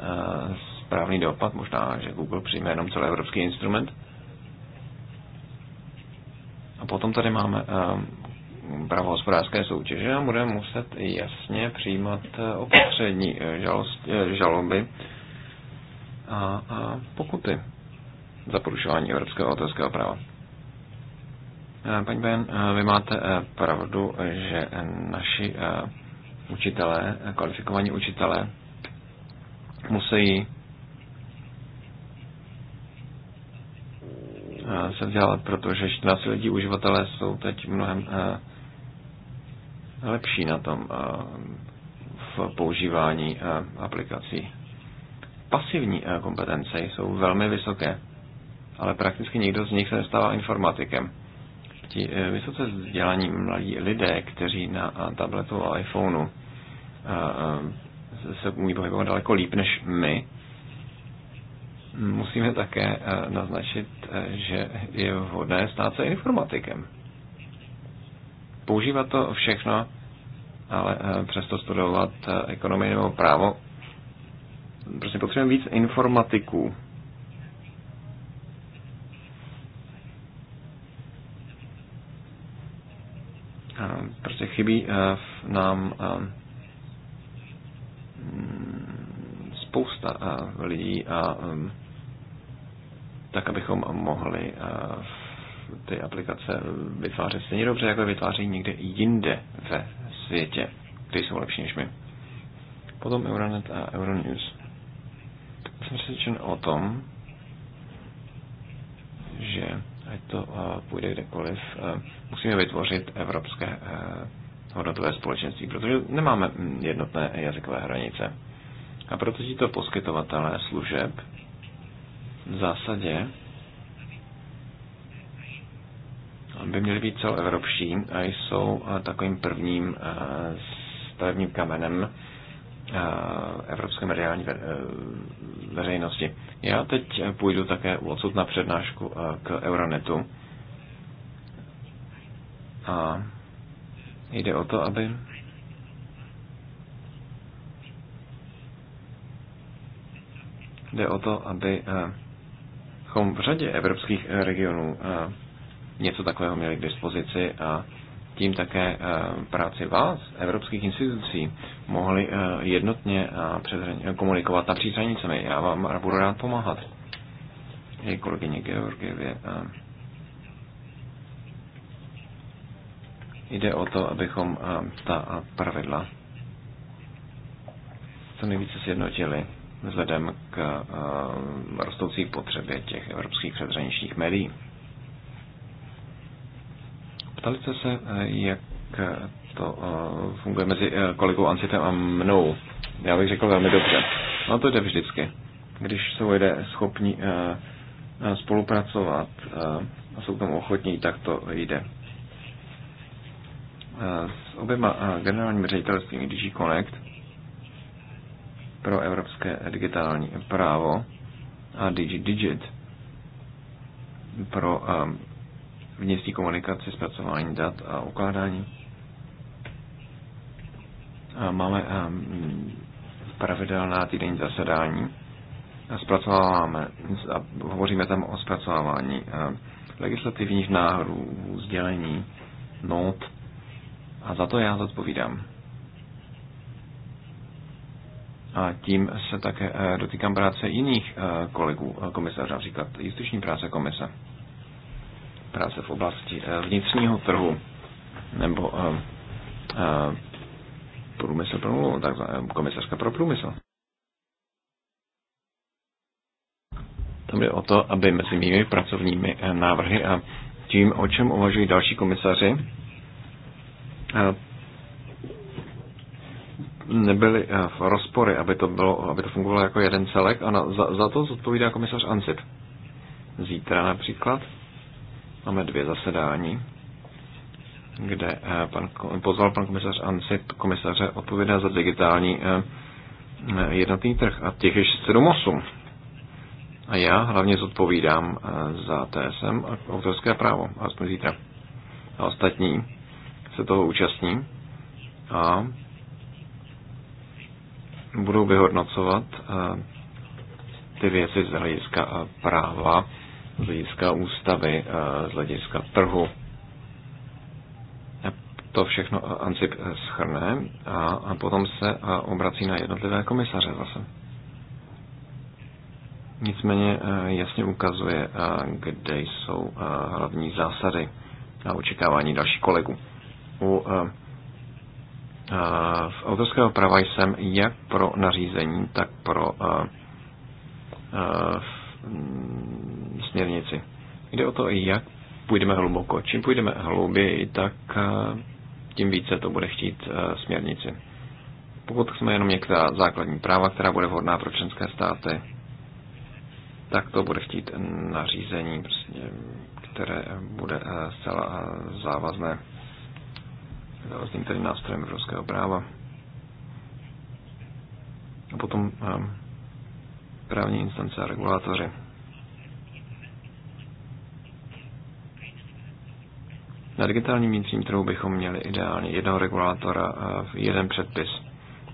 správný dopad. Možná, že Google přijme jenom evropský instrument. A potom tady máme pravohospodářské soutěže a bude muset jasně přijímat eh, opatření eh, eh, žaloby a, a pokuty za porušování evropského autorského práva. Paní Ben, vy máte pravdu, že naši učitelé, kvalifikovaní učitelé, musí se vzdělávat, protože 14 lidí uživatelé jsou teď mnohem lepší na tom eh, v používání eh, aplikací. Pasivní eh, kompetence jsou velmi vysoké, ale prakticky nikdo z nich se nestává informatikem. Ti vysoce vzdělaní mladí lidé, kteří na tabletu a iPhoneu se umí pohybovat daleko líp než my, musíme také naznačit, že je vhodné stát se informatikem používat to všechno, ale eh, přesto studovat eh, ekonomii nebo právo. Prostě potřebujeme víc informatiků. Prostě chybí eh, nám spousta lidí a tak, abychom mohli v ty aplikace vytvářet stejně dobře, jako je vytváří někde jinde ve světě, kde jsou lepší než my. Potom Euronet a Euronews. Jsem přesvědčen o tom, že ať to eh, půjde kdekoliv, eh, musíme vytvořit evropské eh, hodnotové společenství, protože nemáme mm, jednotné jazykové hranice. A proto tito poskytovatelé služeb v zásadě by měly být celoevropští a jsou eh, takovým prvním eh, stavebním kamenem eh, evropské mediální veřejnosti. Já teď půjdu také odsud na přednášku k Euronetu. A jde o to, aby jde o to, aby v řadě evropských regionů něco takového měli k dispozici a tím také eh, práci vás, evropských institucí, mohli eh, jednotně komunikovat napříč hranicemi. Já vám budu rád pomáhat. Její kolegyně Georgievě. Eh. Jde o to, abychom ta pravidla co nejvíce sjednotili vzhledem k rostoucí potřebě těch evropských předřeničních médií. Ptali jste se, eh, jak eh, to eh, funguje mezi kolegou Ancitem a mnou. Já bych řekl velmi dobře. No to jde vždycky. Když jsou lidé schopni spolupracovat a jsou k tomu ochotní, tak to jde. S oběma generálními ředitelstvími DG Connect pro evropské digitální právo a DG Digit pro vnitřní komunikaci, zpracování dat a ukládání. A máme ehm, pravidelná týdenní zasedání a zpracováváme, a hovoříme tam o zpracovávání ehm, legislativních návrhů, sdělení, not a za to já zodpovídám. A tím se také eh, dotýkám práce jiných eh, kolegů eh, komisařů, například justiční práce komise práce v oblasti eh, vnitřního trhu nebo eh, eh, průmysl pro tak komisařka pro průmysl. Tam jde o to, aby mezi mými pracovními návrhy a tím, o čem uvažují další komisaři, nebyly v rozpory, aby to, bylo, aby to fungovalo jako jeden celek a na, za, za to zodpovídá komisař Ansip. Zítra například Máme dvě zasedání, kde eh, pan, pozval pan komisař Ansip, komisaře odpovědá za digitální eh, jednotný trh a těch je 7-8. A já hlavně zodpovídám eh, za TSM a autorské právo, a jsme zítra. A ostatní se toho účastní a budou vyhodnocovat ty věci z hlediska práva z hlediska ústavy, eh, z hlediska trhu. To všechno eh, ANSIP eh, schrne a potom se obrací na jednotlivé komisaře zase. Nicméně jasně ukazuje, kde jsou hlavní zásady a očekávání dalších kolegů. U v autorského práva jsem jak pro nařízení, tak pro směrnici. Jde o to, jak půjdeme hluboko. Čím půjdeme hlouběji, tak eh, tím více to bude chtít eh, směrnici. Pokud jsme jenom některá základní práva, která bude vhodná pro členské státy, tak to bude chtít nařízení, prostě, které bude eh, zcela závazné, závazným tedy nástrojem evropského práva. A potom právní instance a regulátoři. Na digitálním vnitřním trhu bychom měli ideálně jednoho regulátora, eh, jeden předpis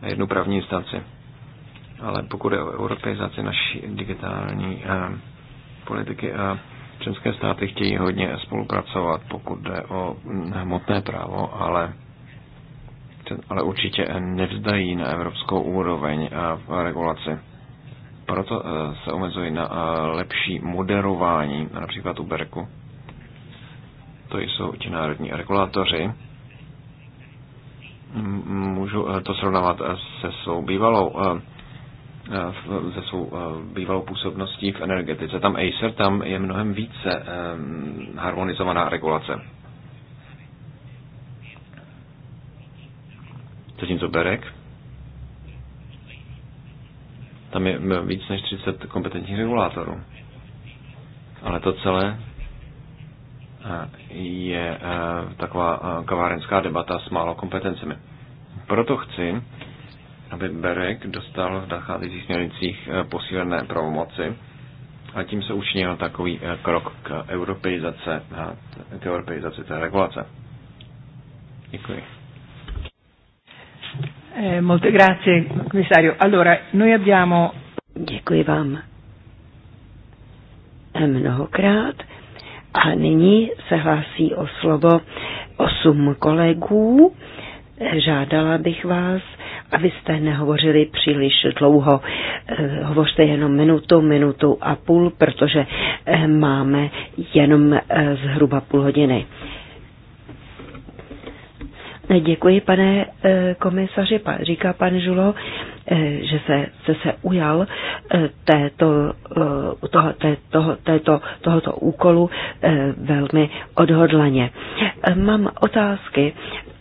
a jednu právní instanci. Ale pokud je o europeizaci naší digitální eh, politiky a eh, členské státy chtějí hodně spolupracovat, pokud jde o hm, hmotné právo, ale ale určitě nevzdají na evropskou úroveň v regulaci. Proto se omezují na lepší moderování, například u Berku to jsou ti národní regulátoři, můžu eh, to srovnávat eh, se svou bývalou eh, se svou bývalou působností v energetice. Tam Acer, tam je mnohem více harmonizovaná regulace. Zatímco Berek, tam je víc než 30 kompetentních regulátorů. Ale to celé je eh, taková eh, kavárenská debata s málo kompetencemi. Proto chci, aby Berek dostal v nacházejících směrnicích eh, posílené pravomoci a tím se učinil takový krok k europeizace, k europeizaci té regulace. Děkuji. molte grazie, komisario. Allora, noi abbiamo... Děkuji vám mnohokrát. A nyní se hlásí o slovo osm kolegů. Žádala bych vás, abyste nehovořili příliš dlouho. Eh, hovořte jenom minutu, minutu a půl, protože eh, máme jenom eh, zhruba půl hodiny. Děkuji, pane komisaři, říká pan Žulo. Eh, že se, se, se ujal eh, této, eh, toho, té, toho, této, tohoto úkolu velmi odhodlaně. Mám otázky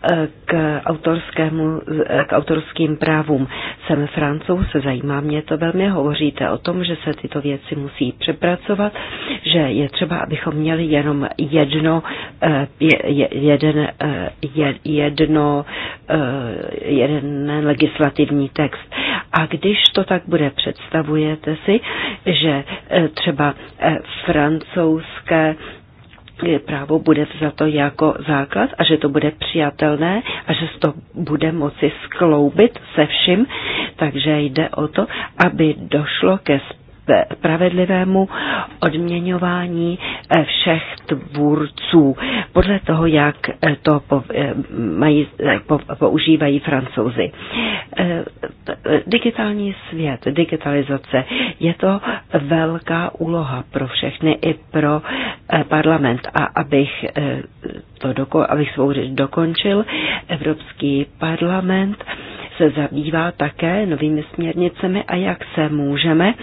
Eh, k, autorskému, eh, k autorským právům. Jsem francouz, se zajímá mě to velmi. Hovoříte o tom, že se tyto věci musí přepracovat, že je třeba, abychom měli jenom jedno, eh, jeden, jedno, jeden legislativní text. A když to tak bude, představujete si, že třeba francouzské právo bude vzato jako základ a že to bude přijatelné a že to bude moci skloubit se vším. Takže jde o to, aby došlo ke spravedlivému odměňování eh, všech tvůrců podle toho, jak eh, to eh, mají, používají francouzi. Digitální svět, digitalizace, je to velká úloha pro všechny i pro parlament. A abych, to doko, abych svou řeč dokončil, Evropský parlament se zabývá také novými směrnicemi a jak se můžeme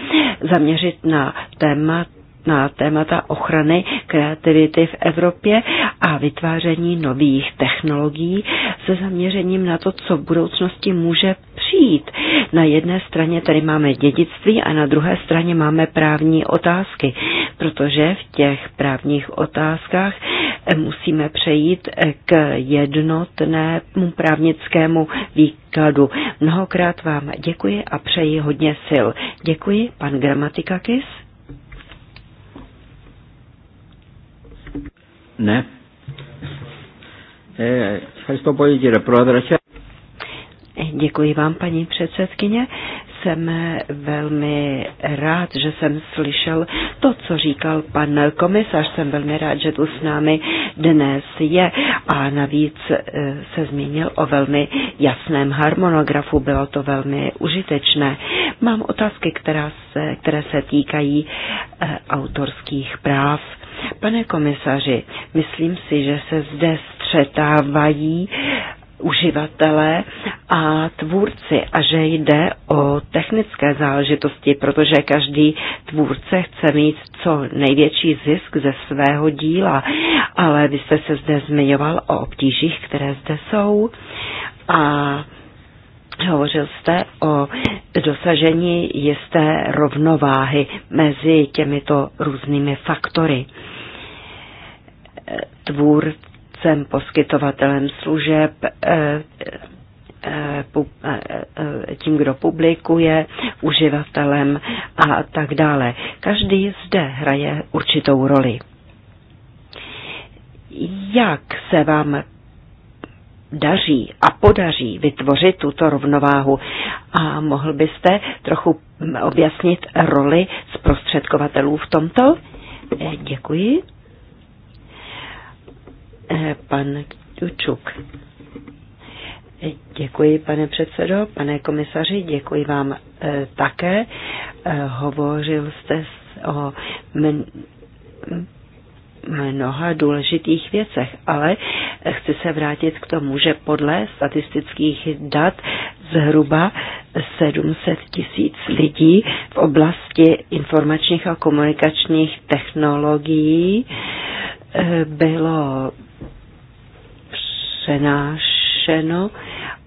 zaměřit na témat na témata ochrany kreativity v Evropě a vytváření nových technologií se zaměřením na to, co v budoucnosti může přijít. Na jedné straně tady máme dědictví a na druhé straně máme právní otázky, protože v těch právních otázkách musíme přejít k jednotnému právnickému výkladu. Mnohokrát vám děkuji a přeji hodně sil. Děkuji, pan Gramatikakis. Ναι. Ε, ευχαριστώ πολύ κύριε Πρόεδρε. Děkuji vám, paní předsedkyně. Jsem eh, velmi rád, že jsem slyšel to, co říkal pan komisař. Jsem velmi rád, že tu s námi dnes je a navíc eh, se zmínil o velmi jasném harmonografu. Bylo to velmi užitečné. Mám otázky, která se, které se týkají eh, autorských práv Pane komisaři, myslím si, že se zde střetávají uživatelé a tvůrci a že jde o technické záležitosti, protože každý tvůrce chce mít co největší zisk ze svého díla, ale vy jste se zde zmiňoval o obtížích, které zde jsou a Hovořil jste o dosažení jisté rovnováhy mezi těmito různými faktory tvůrcem, poskytovatelem služeb, eh, eh, eh, tím, kdo publikuje, uživatelem a tak dále. Každý zde hraje určitou roli. Jak se vám daří a podaří vytvořit tuto rovnováhu. A mohl byste trochu objasnit roli zprostředkovatelů v tomto? Děkuji. Eh, pan Kťučuk. Eh, děkuji, pane předsedo, pane komisaři, děkuji vám eh, také. hovořil jste o men, mnoha důležitých věcech, ale chci se vrátit k tomu, že podle statistických dat zhruba 700 tisíc lidí v oblasti informačních a komunikačních technologií bylo přenášeno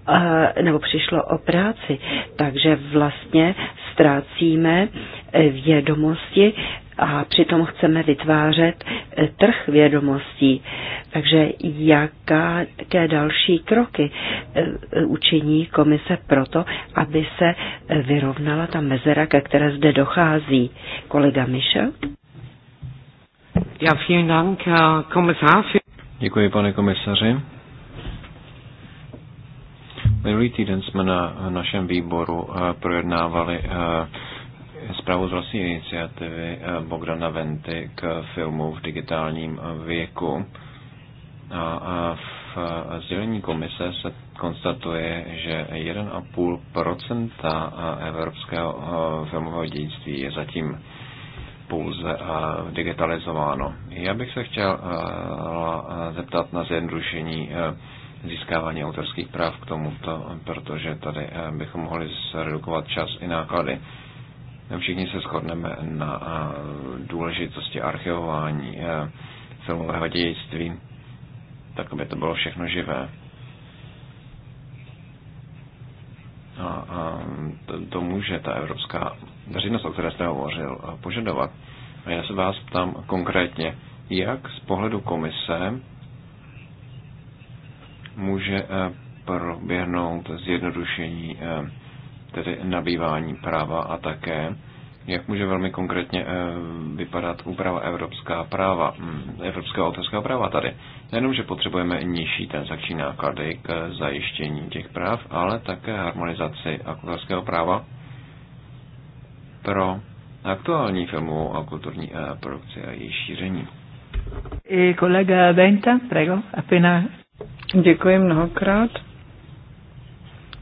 eh, nebo přišlo o práci. Takže vlastně ztrácíme eh, vědomosti a přitom chceme vytvářet eh, trh vědomostí. Takže jaká, jaké další kroky učiní komise proto, aby se vyrovnala ta mezera, ke které zde dochází? Kolega Michel? Ja, vielen Dank, Herr Kommissar. Děkuji, pane komisaři. Minulý týden jsme na našem výboru eh, projednávali eh, zprávu z vlastní iniciativy eh, Bogdana Venty k filmu v digitálním věku. A v sdělení komise se konstatuje, že 1,5 evropského filmového dědictví je zatím pouze digitalizováno. Já bych se chtěl zeptat na zjednodušení získávání autorských práv k tomuto, protože tady eh, bychom mohli zredukovat čas i náklady. Všichni se shodneme na eh, důležitosti archivování eh, filmového dějství, tak aby to bylo všechno živé. a to, to může ta evropská veřejnost, o které jste hovořil, požadovat. A já se vás ptám konkrétně, jak z pohledu komise může eh, proběhnout zjednodušení eh, tedy nabývání práva a také, jak může velmi konkrétně eh, vypadat úprava evropská práva, mm, evropského autorského práva tady. Nejenom, že potřebujeme nižší transakční náklady k zajištění těch práv, ale také harmonizaci autorského práva pro aktuální filmovou a kulturní produkci a její šíření. I kolega Benta, prego, appena Děkuji mnohokrát.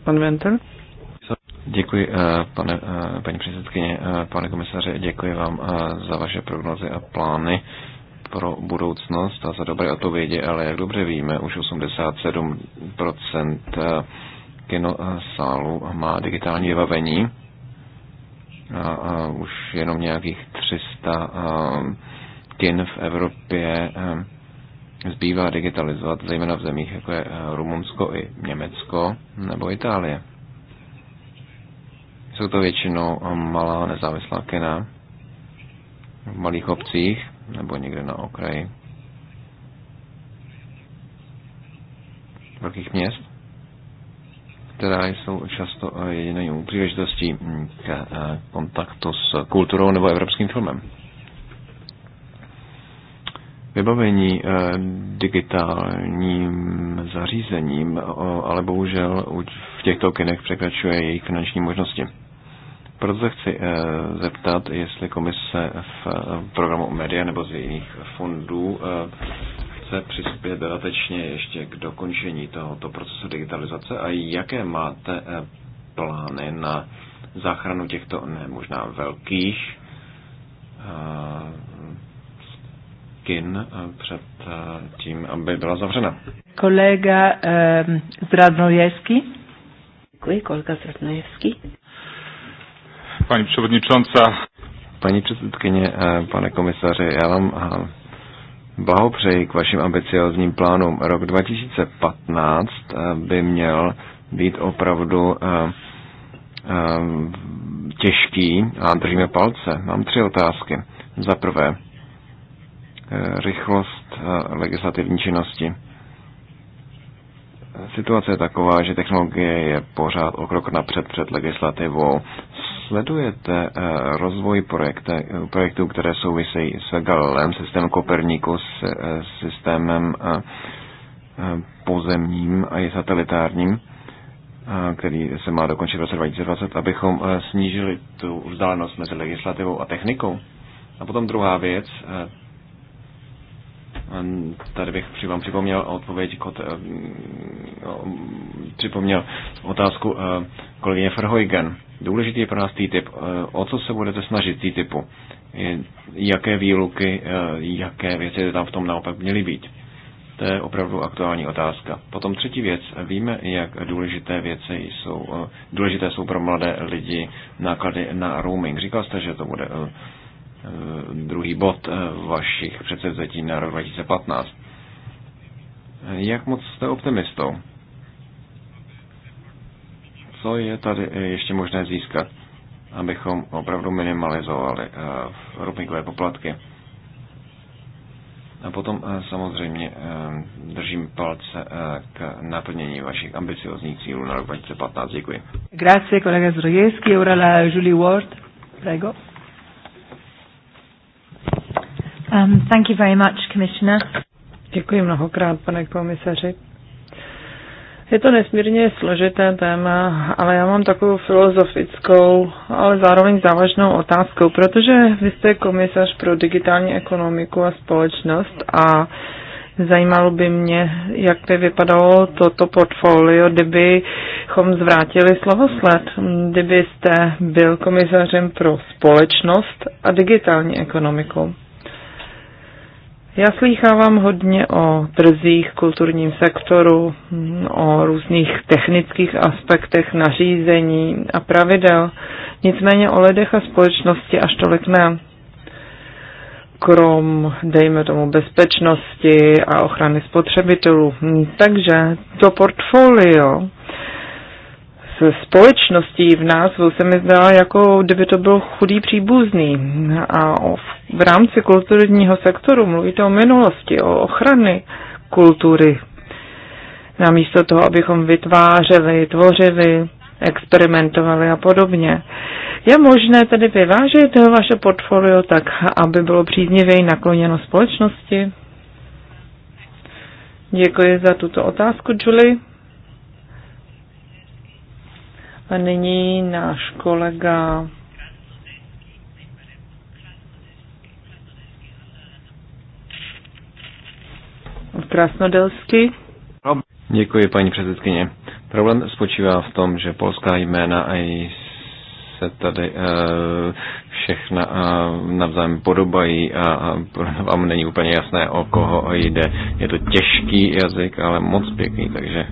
Pan Venter. Děkuji, eh, pane, eh, paní předsedkyně, eh, pane komisaře. děkuji vám za vaše prognozy a plány pro budoucnost a za dobré odpovědi, ale jak dobře víme, už 87% kinosálu má digitální vybavení a, už jenom nějakých 300 kin v Evropě zbývá digitalizovat, zejména v zemích jako je eh, Rumunsko i Německo nebo Itálie. Jsou to většinou eh, malá nezávislá kina v malých obcích nebo někde na okraji velkých měst, která jsou často eh, jedinou příležitostí mm, k kontaktu s kulturou nebo evropským filmem vybavení eh, digitálním zařízením, ale bohužel v těchto kinech překračuje jejich finanční možnosti. Proto se chci eh, zeptat, jestli komise v eh, programu Media nebo z jiných fondů chce přispět dodatečně ještě k dokončení tohoto procesu digitalizace a jaké máte plány na záchranu těchto ne možná velkých kin eh, před eh, tím, aby byla zavřena. Kolega eh, Zradnojevský. Děkuji, kolega Zradnojevský. Paní předsedničonca. Paní předsedkyně, eh, pane komisaři, já vám blahopřeji k vašim ambiciozním plánům. Rok 2015 by měl být opravdu těžký a držíme palce. Mám tři otázky. Za prvé, Eh, rychlost eh, legislativní činnosti. Situace je taková, že technologie je pořád o krok napřed před legislativou. Sledujete eh, rozvoj projekte, projektů, které souvisejí s Galilem, systémem Koperníku, s systémem pozemním a i satelitárním, který se má dokončit v roce 2020, abychom snížili tu vzdálenost mezi legislativou a technikou. A potom druhá věc, Ehm, tady bych vám připomněl odpověď, kod, ehm, no, připomněl otázku ehm, kolegyně Verhoeven. Důležitý je pro nás TTIP. O co se budete snažit TTIPu? Jaké výluky, jaké věci tam v tom naopak měly být? To je opravdu aktuální otázka. Potom třetí věc. Víme, jak důležité věci jsou, důležité jsou pro mladé lidi náklady na roaming. Říkal jste, že to bude Eh, druhý bod eh, vašich předsevzetí na rok 2015. Eh, jak moc jste optimistou? Co je tady ještě možné získat, abychom opravdu minimalizovali rupinkové poplatky? A potom samozřejmě držím palce k naplnění vašich ambiciozních cílů na rok 2015. Děkuji. Grazie, kolega Zrojevský. Ora la Julie Ward. Prego. Um, thank you very much, Commissioner. Děkuji mnohokrát, pane komisaři. Je to nesmírně složité téma, ale já mám takovou filozofickou, ale zároveň závažnou otázku, protože vy jste komisař pro digitální ekonomiku a společnost a zajímalo by mě, jak by vypadalo toto portfolio, kdybychom zvrátili slovosled, kdybyste byl komisařem pro společnost a digitální ekonomiku. Já slýchávám hodně o trzích, kulturním sektoru, o různých technických aspektech nařízení a pravidel. Nicméně o ledech a společnosti až tolik ne. Krom, dejme tomu, bezpečnosti a ochrany spotřebitelů. Hm, takže to portfolio společností v názvu se mi zdá, jako kdyby to byl chudý příbuzný. A o, v rámci kulturního sektoru mluvíte o minulosti, o ochrany kultury. Namísto toho, abychom vytvářeli, tvořili, experimentovali a podobně. Je možné tedy vyvážit vaše portfolio tak, aby bylo příznivěji nakloněno společnosti? Děkuji za tuto otázku, Julie. A nyní náš kolega Krasnodelsky. Děkuji, paní předsedkyně. Problém spočívá v tom, že polská jména a se tady eh, všechna eh, navzájem podobají a vám není úplně jasné, o koho jde. Je to těžký jazyk, ale moc pěkný, takže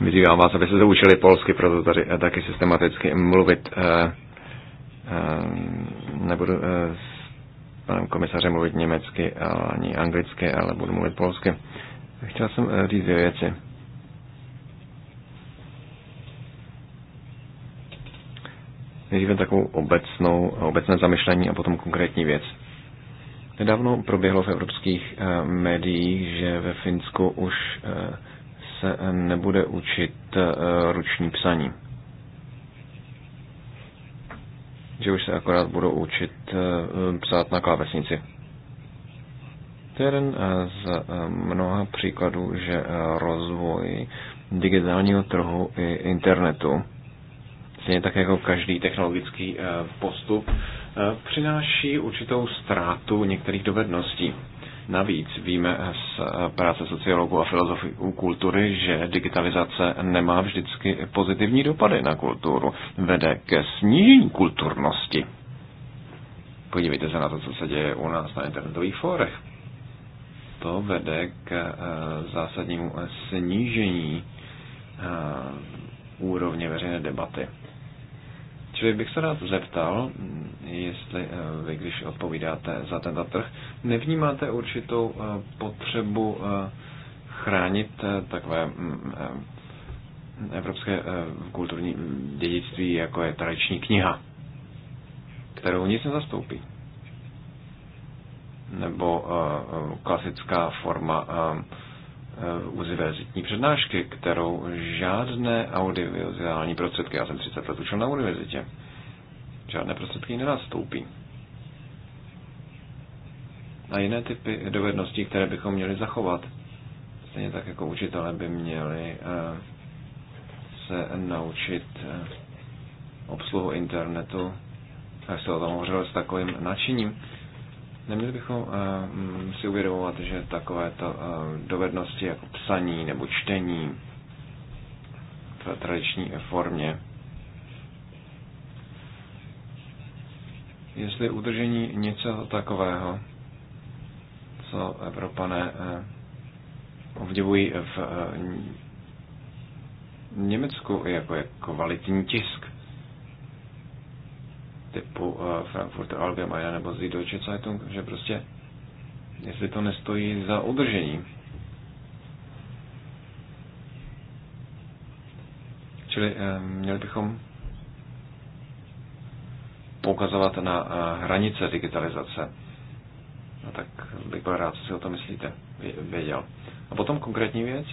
Vyzývám vás, abyste se učili polsky, proto tady eh, taky systematicky mluvit. Eh, eh, nebudu s panem komisařem mluvit německy ani anglicky, ale budu mluvit polsky. Chtěl jsem říct dvě věci. Nejdříve takovou obecnou, obecné zamyšlení a potom konkrétní věc. Nedávno proběhlo v evropských médiích, že ve Finsku už se nebude učit eh, ruční psaní. Že už se akorát budou učit eh, psát na klávesnici. To je jeden eh, z mnoha příkladů, že rozvoj digitálního trhu i internetu, stejně tak jako každý technologický postup, přináší určitou ztrátu některých dovedností Navíc víme z eh, práce sociologů a filozofů kultury, že digitalizace nemá vždycky pozitivní dopady na kulturu. Vede ke snížení kulturnosti. Podívejte se na to, co se děje u nás na internetových fórech. To vede k eh, zásadnímu snížení eh, úrovně veřejné debaty. Čili bych se rád zeptal, jestli eh, vy, když odpovídáte za tento trh, nevnímáte určitou eh, potřebu eh, chránit takové mm, evropské kulturní dědictví, jako je tradiční kniha, kterou nic nezastoupí. Nebo klasická forma Eh, univerzitní přednášky, kterou žádné audiovizuální prostředky, já jsem 30 let učil na univerzitě, žádné prostředky nenastoupí. A jiné typy dovedností, které bychom měli zachovat, stejně tak jako učitelé by měli eh, se naučit eh, obsluhu internetu, tak se o tom hovořilo s takovým nadšením, Neměli bychom eh, mm, si uvědomovat, že takovéto eh, dovednosti jako psaní nebo čtení v tradiční formě jestli udržení něco takového, co Evropané eh, obdivují v Německu, jako jako kvalitní tisk typu eh, Frankfurter Allgemeine nebo Süddeutsche Zeitung, že prostě jestli to nestojí za udržení. Čili eh, měli bychom poukazovat na eh, hranice digitalizace. No tak bych byl rád, co si o tom myslíte, věděl. A potom konkrétní věc.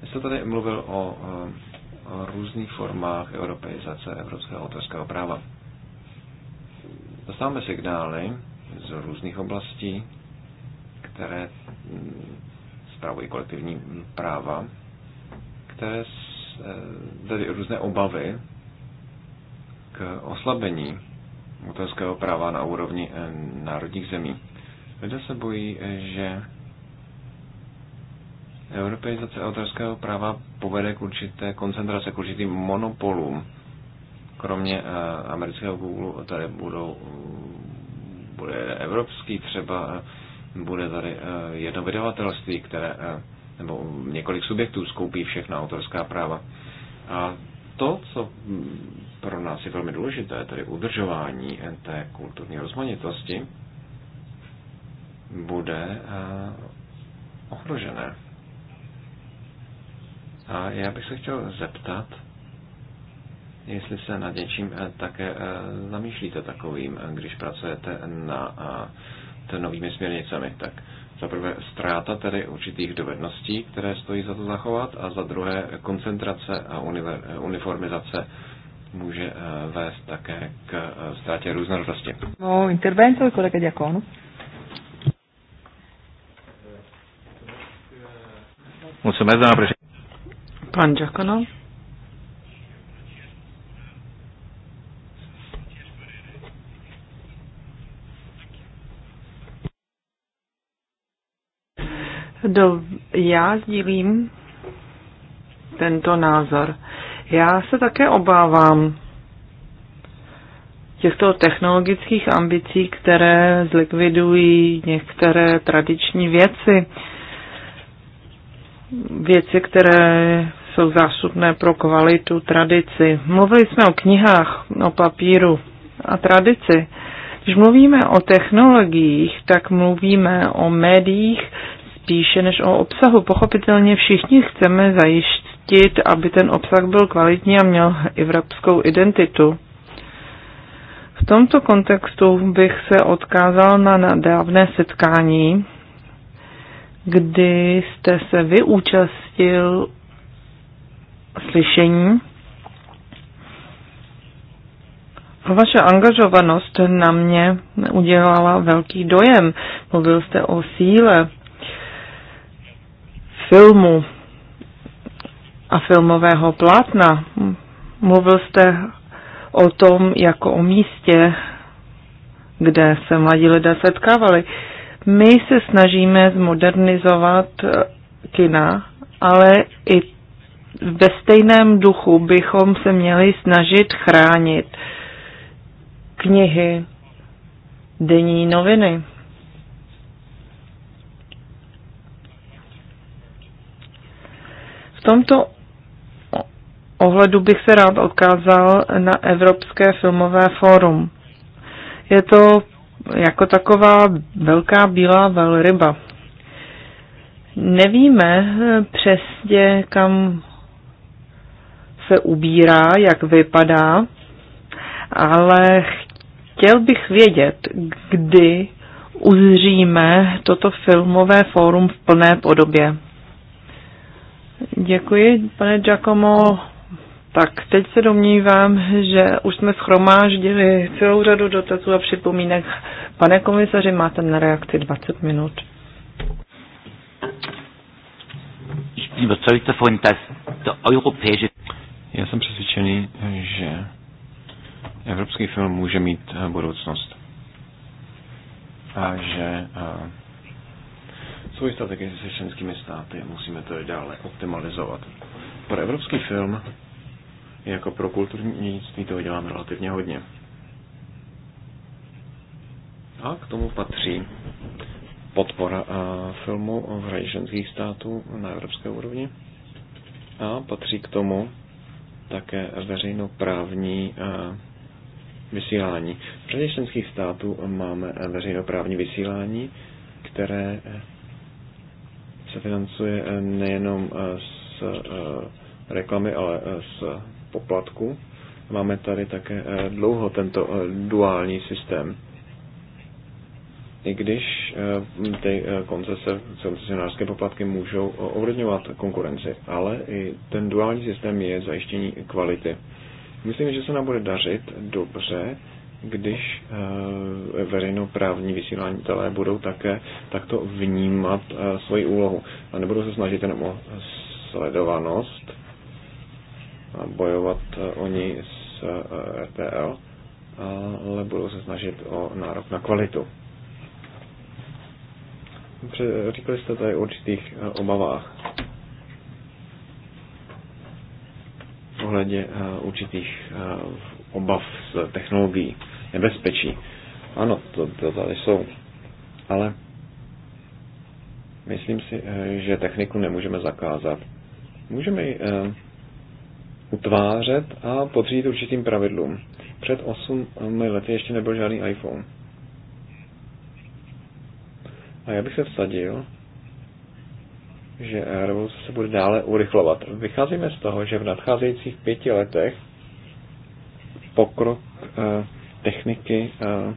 Vy jste tady mluvil o, o různých formách europeizace evropského autorského práva. Dostáváme signály z různých oblastí, které mm, spravují kolektivní mm, práva, které tedy eh, různé obavy k oslabení autorského práva na úrovni eh, národních zemí. Lidé se bojí, že europeizace autorského práva povede k určité koncentrace, k určitým monopolům kromě eh, amerického Google tady budou, bude evropský třeba, eh, bude tady eh, jedno vydavatelství, které, nebo několik subjektů skoupí všechna autorská práva. A to, co pro nás je velmi důležité, tedy udržování té kulturní rozmanitosti, bude ohrožené. A já bych se chtěl zeptat, jestli se nad něčím eh, také eh, zamýšlíte takovým, eh, když pracujete na novými směrnicemi. Tak za prvé ztráta tedy určitých dovedností, které stojí za to zachovat, a za druhé koncentrace a uniformizace může vést také k ztrátě různorodosti. No, intervence, kolega Diakonu. Mulțumesc, doamna Pan Giacono. Do, já sdílím tento názor. Já se také obávám těchto technologických ambicí, které zlikvidují některé tradiční věci. Věci, které jsou zásudné pro kvalitu, tradici. Mluvili jsme o knihách, o papíru a tradici. Když mluvíme o technologiích, tak mluvíme o médiích, spíše než o obsahu. Pochopitelně všichni chceme zajistit, aby ten obsah byl kvalitní a měl evropskou identitu. V tomto kontextu bych se odkázal na nedávné setkání, kdy jste se vyúčastil slyšení. Vaše angažovanost na mě udělala velký dojem. Mluvil jste o síle filmu a filmového plátna. Mluvil jste o tom jako o místě, kde se mladí lidé setkávali. My se snažíme zmodernizovat eh, kina, ale i ve stejném duchu bychom se měli snažit chránit knihy, denní noviny. tomto ohledu bych se rád odkázal na Evropské filmové fórum. Je to jako taková velká bílá velryba. Nevíme přesně, kam se ubírá, jak vypadá, ale chtěl bych vědět, kdy uzříme toto filmové fórum v plné podobě. Děkuji, pane Giacomo. Tak teď se domnívám, že už jsme schromáždili celou řadu dotazů a připomínek. Pane komisaři, máte na reakci 20 minut. Já jsem přesvědčený, že evropský film může mít budoucnost. A že svoji strategii se členskými státy. Musíme to dále optimalizovat. Pro evropský film jako pro kulturní dědictví toho děláme relativně hodně. A k tomu patří podpora filmu v hraji ženských států na evropské úrovni. A patří k tomu také veřejnoprávní vysílání. V řadě členských států máme veřejnoprávní vysílání, které se financuje eh, nejenom eh, z eh, reklamy, ale z poplatku. Máme tady také dlouho tento duální systém. I když ty koncese, koncesionářské poplatky můžou ovlivňovat konkurenci, ale i ten duální systém je zajištění kvality. Myslím, že se nám bude dařit dobře když eh, veřejnoprávní vysílání tele budou také takto vnímat eh, svoji úlohu a nebudou se snažit jenom o sledovanost a bojovat eh, oni s RTL, ale budou se snažit o nárok na kvalitu. Říkali jste tady o určitých obavách ohledně určitých obav z technologií nebezpečí. Ano, to, to tady jsou. Ale myslím si, eh, že techniku nemůžeme zakázat. Můžeme ji eh, utvářet a podřídit určitým pravidlům. Před 8 lety ještě nebyl žádný iPhone. A já bych se vsadil, že revoluce se bude dále urychlovat. Vycházíme z toho, že v nadcházejících pěti letech pokrok eh, techniky eh,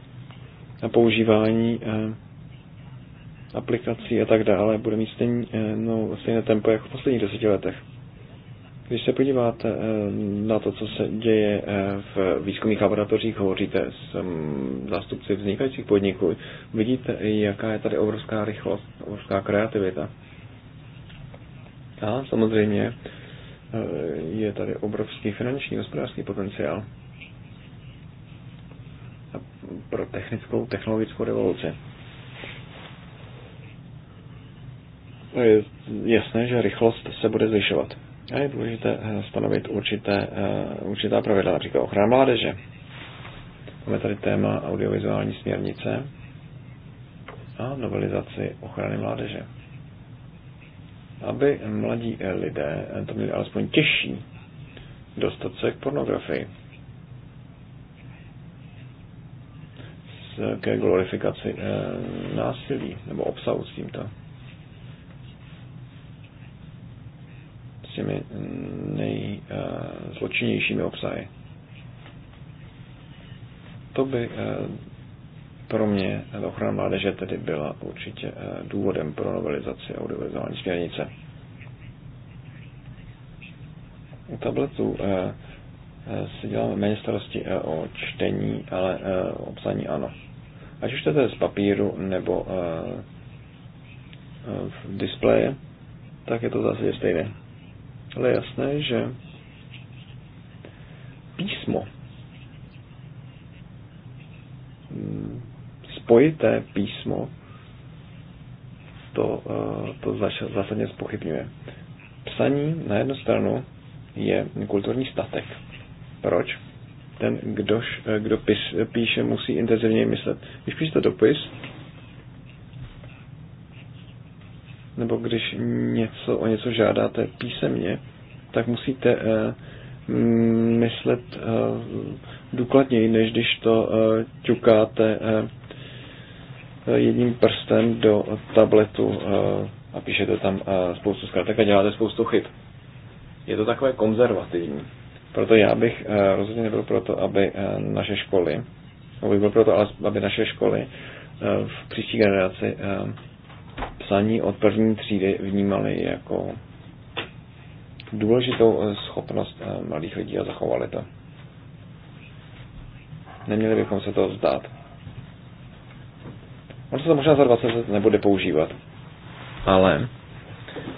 a používání eh, aplikací a tak dále bude mít stejný, eh, no, stejné tempo jako v posledních deseti letech. Když se podíváte na to, co se děje v výzkumných laboratořích, hovoříte s mm, zástupci vznikajících podniků, vidíte, jaká je tady obrovská rychlost, obrovská kreativita. A samozřejmě je tady obrovský finanční hospodářský potenciál pro technickou technologickou revoluci. No, je jasné, že rychlost se bude zvyšovat. A je důležité eh, stanovit určité, eh, určitá pravidla, například ochrana mládeže. Máme tady téma audiovizuální směrnice a novelizaci ochrany mládeže. Aby mladí lidé to měli alespoň těžší dostat se k pornografii. ke glorifikaci eh, násilí nebo obsahu s tímto. S těmi nejzločinnějšími obsahy. To by eh, pro mě ochrana mládeže tedy byla určitě eh, důvodem pro novelizaci audiovizuální směrnice. U tabletu Eh, si děláme méně starosti eh, o čtení, ale eh, o psaní ano. Ať už je z papíru nebo v displeje, tak je to zase stejné. Ale je jasné, že písmo, hm, spojité písmo, to, to zásadně zpochybňuje. Psaní na jednu stranu je kulturní statek, proč? Ten, kdož, eh, kdo pis, píše, musí intenzivně myslet. Když píšete dopis, nebo když něco, o něco žádáte písemně, tak musíte uh, myslet uh, důkladněji, než když to uh, ťukáte uh, jedním prstem do tabletu uh, a píšete tam uh, spoustu zkratek a děláte spoustu chyb. Je to takové konzervativní. Proto já bych eh, rozhodně nebyl proto, aby eh, naše školy, nebo bych byl proto, aby naše školy eh, v příští generaci psaní od první třídy vnímaly jako důležitou schopnost mladých lidí a zachovali to. Neměli bychom se to vzdát. On se to možná za 20 let nebude používat, ale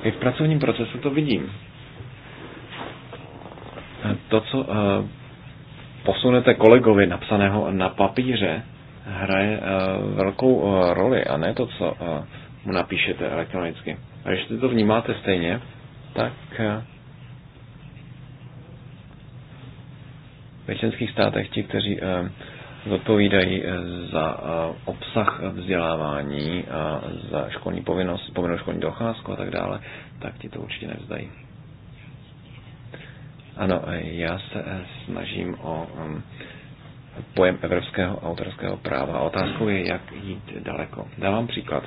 i v pracovním procesu to vidím to, co eh, posunete kolegovi napsaného na papíře, hraje eh, velkou eh, roli a ne to, co mu napíšete elektronicky. A když to vnímáte stejně, tak ve členských státech ti, kteří zodpovídají za obsah vzdělávání, za školní povinnost, povinnou školní docházku a tak dále, tak ti to určitě nevzdají. Ano, já se eh, snažím o mm, pojem evropského autorského práva. Otázkou je, jak jít daleko. Dávám příklad.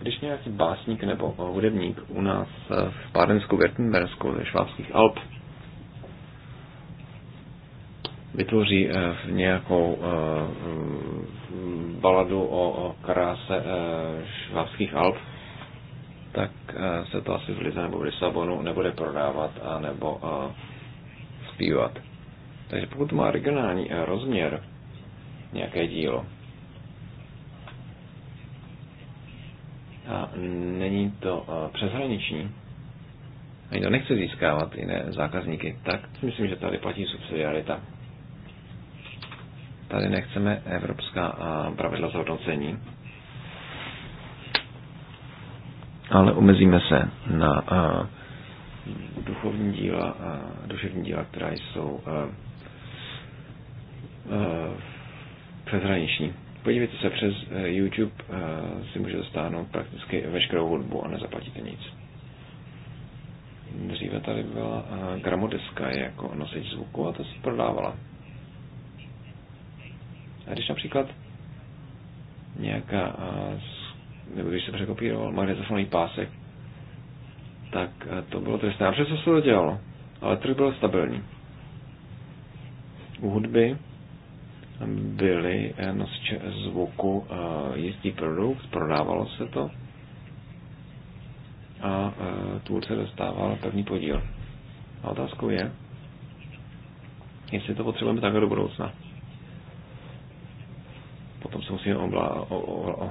Když nějaký básník nebo hudebník u nás eh, v Pádensku, Württembersku, ze švábských Alp vytvoří eh, nějakou baladu o kráse švábských Alp tak eh, se to asi v Lize nebo v Lisabonu nebude prodávat a nebo eh, zpívat. Takže pokud má regionální eh, rozměr nějaké dílo a není to přeshraniční, ani to nechce získávat jiné zákazníky, tak si myslím, že tady platí subsidiarita. Tady nechceme evropská pravidla zhodnocení, ale omezíme se na a, eh, duchovní díla a duševní díla, která jsou a, eh, a, eh, přeshraniční. Podívejte se přes YouTube, a, si můžete stáhnout prakticky veškerou hudbu a nezaplatíte nic. Dříve tady byla a, gramodeska jako nosič zvuku a to si prodávala. A když například nějaká nebo když se překopíroval magnetofonový pásek, tak eh, to bylo trestné. A přesto se to dělalo, ale trh byl stabilní. U hudby byly nosiče zvuku eh, jistý produkt, prodávalo se to a eh, tvůrce dostával pevný podíl. A otázkou je, jestli to potřebujeme takhle do budoucna potom se musíme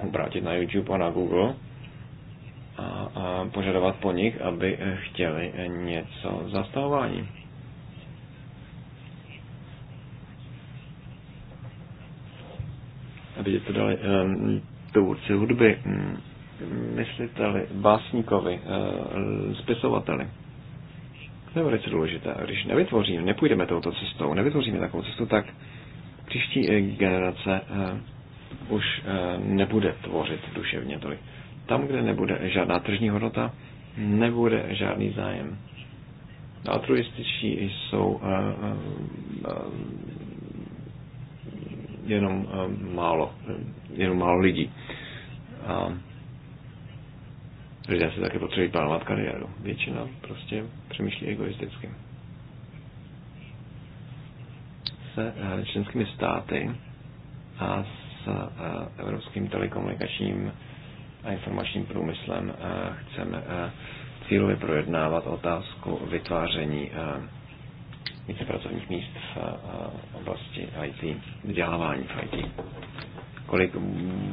obrátit na YouTube a na Google a, a požadovat po nich, aby chtěli něco zastavování. stahování. Aby to dali um, tvůrci hudby, um, mysliteli, básníkovi, um, spisovateli. To je velice důležité. Když nevytvoříme, nepůjdeme touto cestou, nevytvoříme takovou cestu, tak příští generace eh, už eh, nebude tvořit duševně tolik. Tam, kde nebude žádná tržní hodnota, nebude žádný zájem. Altruističtí jsou eh, eh, jenom málo, jenom málo lidí. Uh, lidé se také potřebují plánovat kariéru. Většina prostě přemýšlí egoisticky. Se členskými státy a s s eh, evropským telekomunikačním a informačním průmyslem eh, chceme eh, cílově projednávat otázku vytváření více pracovních míst v oblasti IT, vzdělávání v IT. Kolik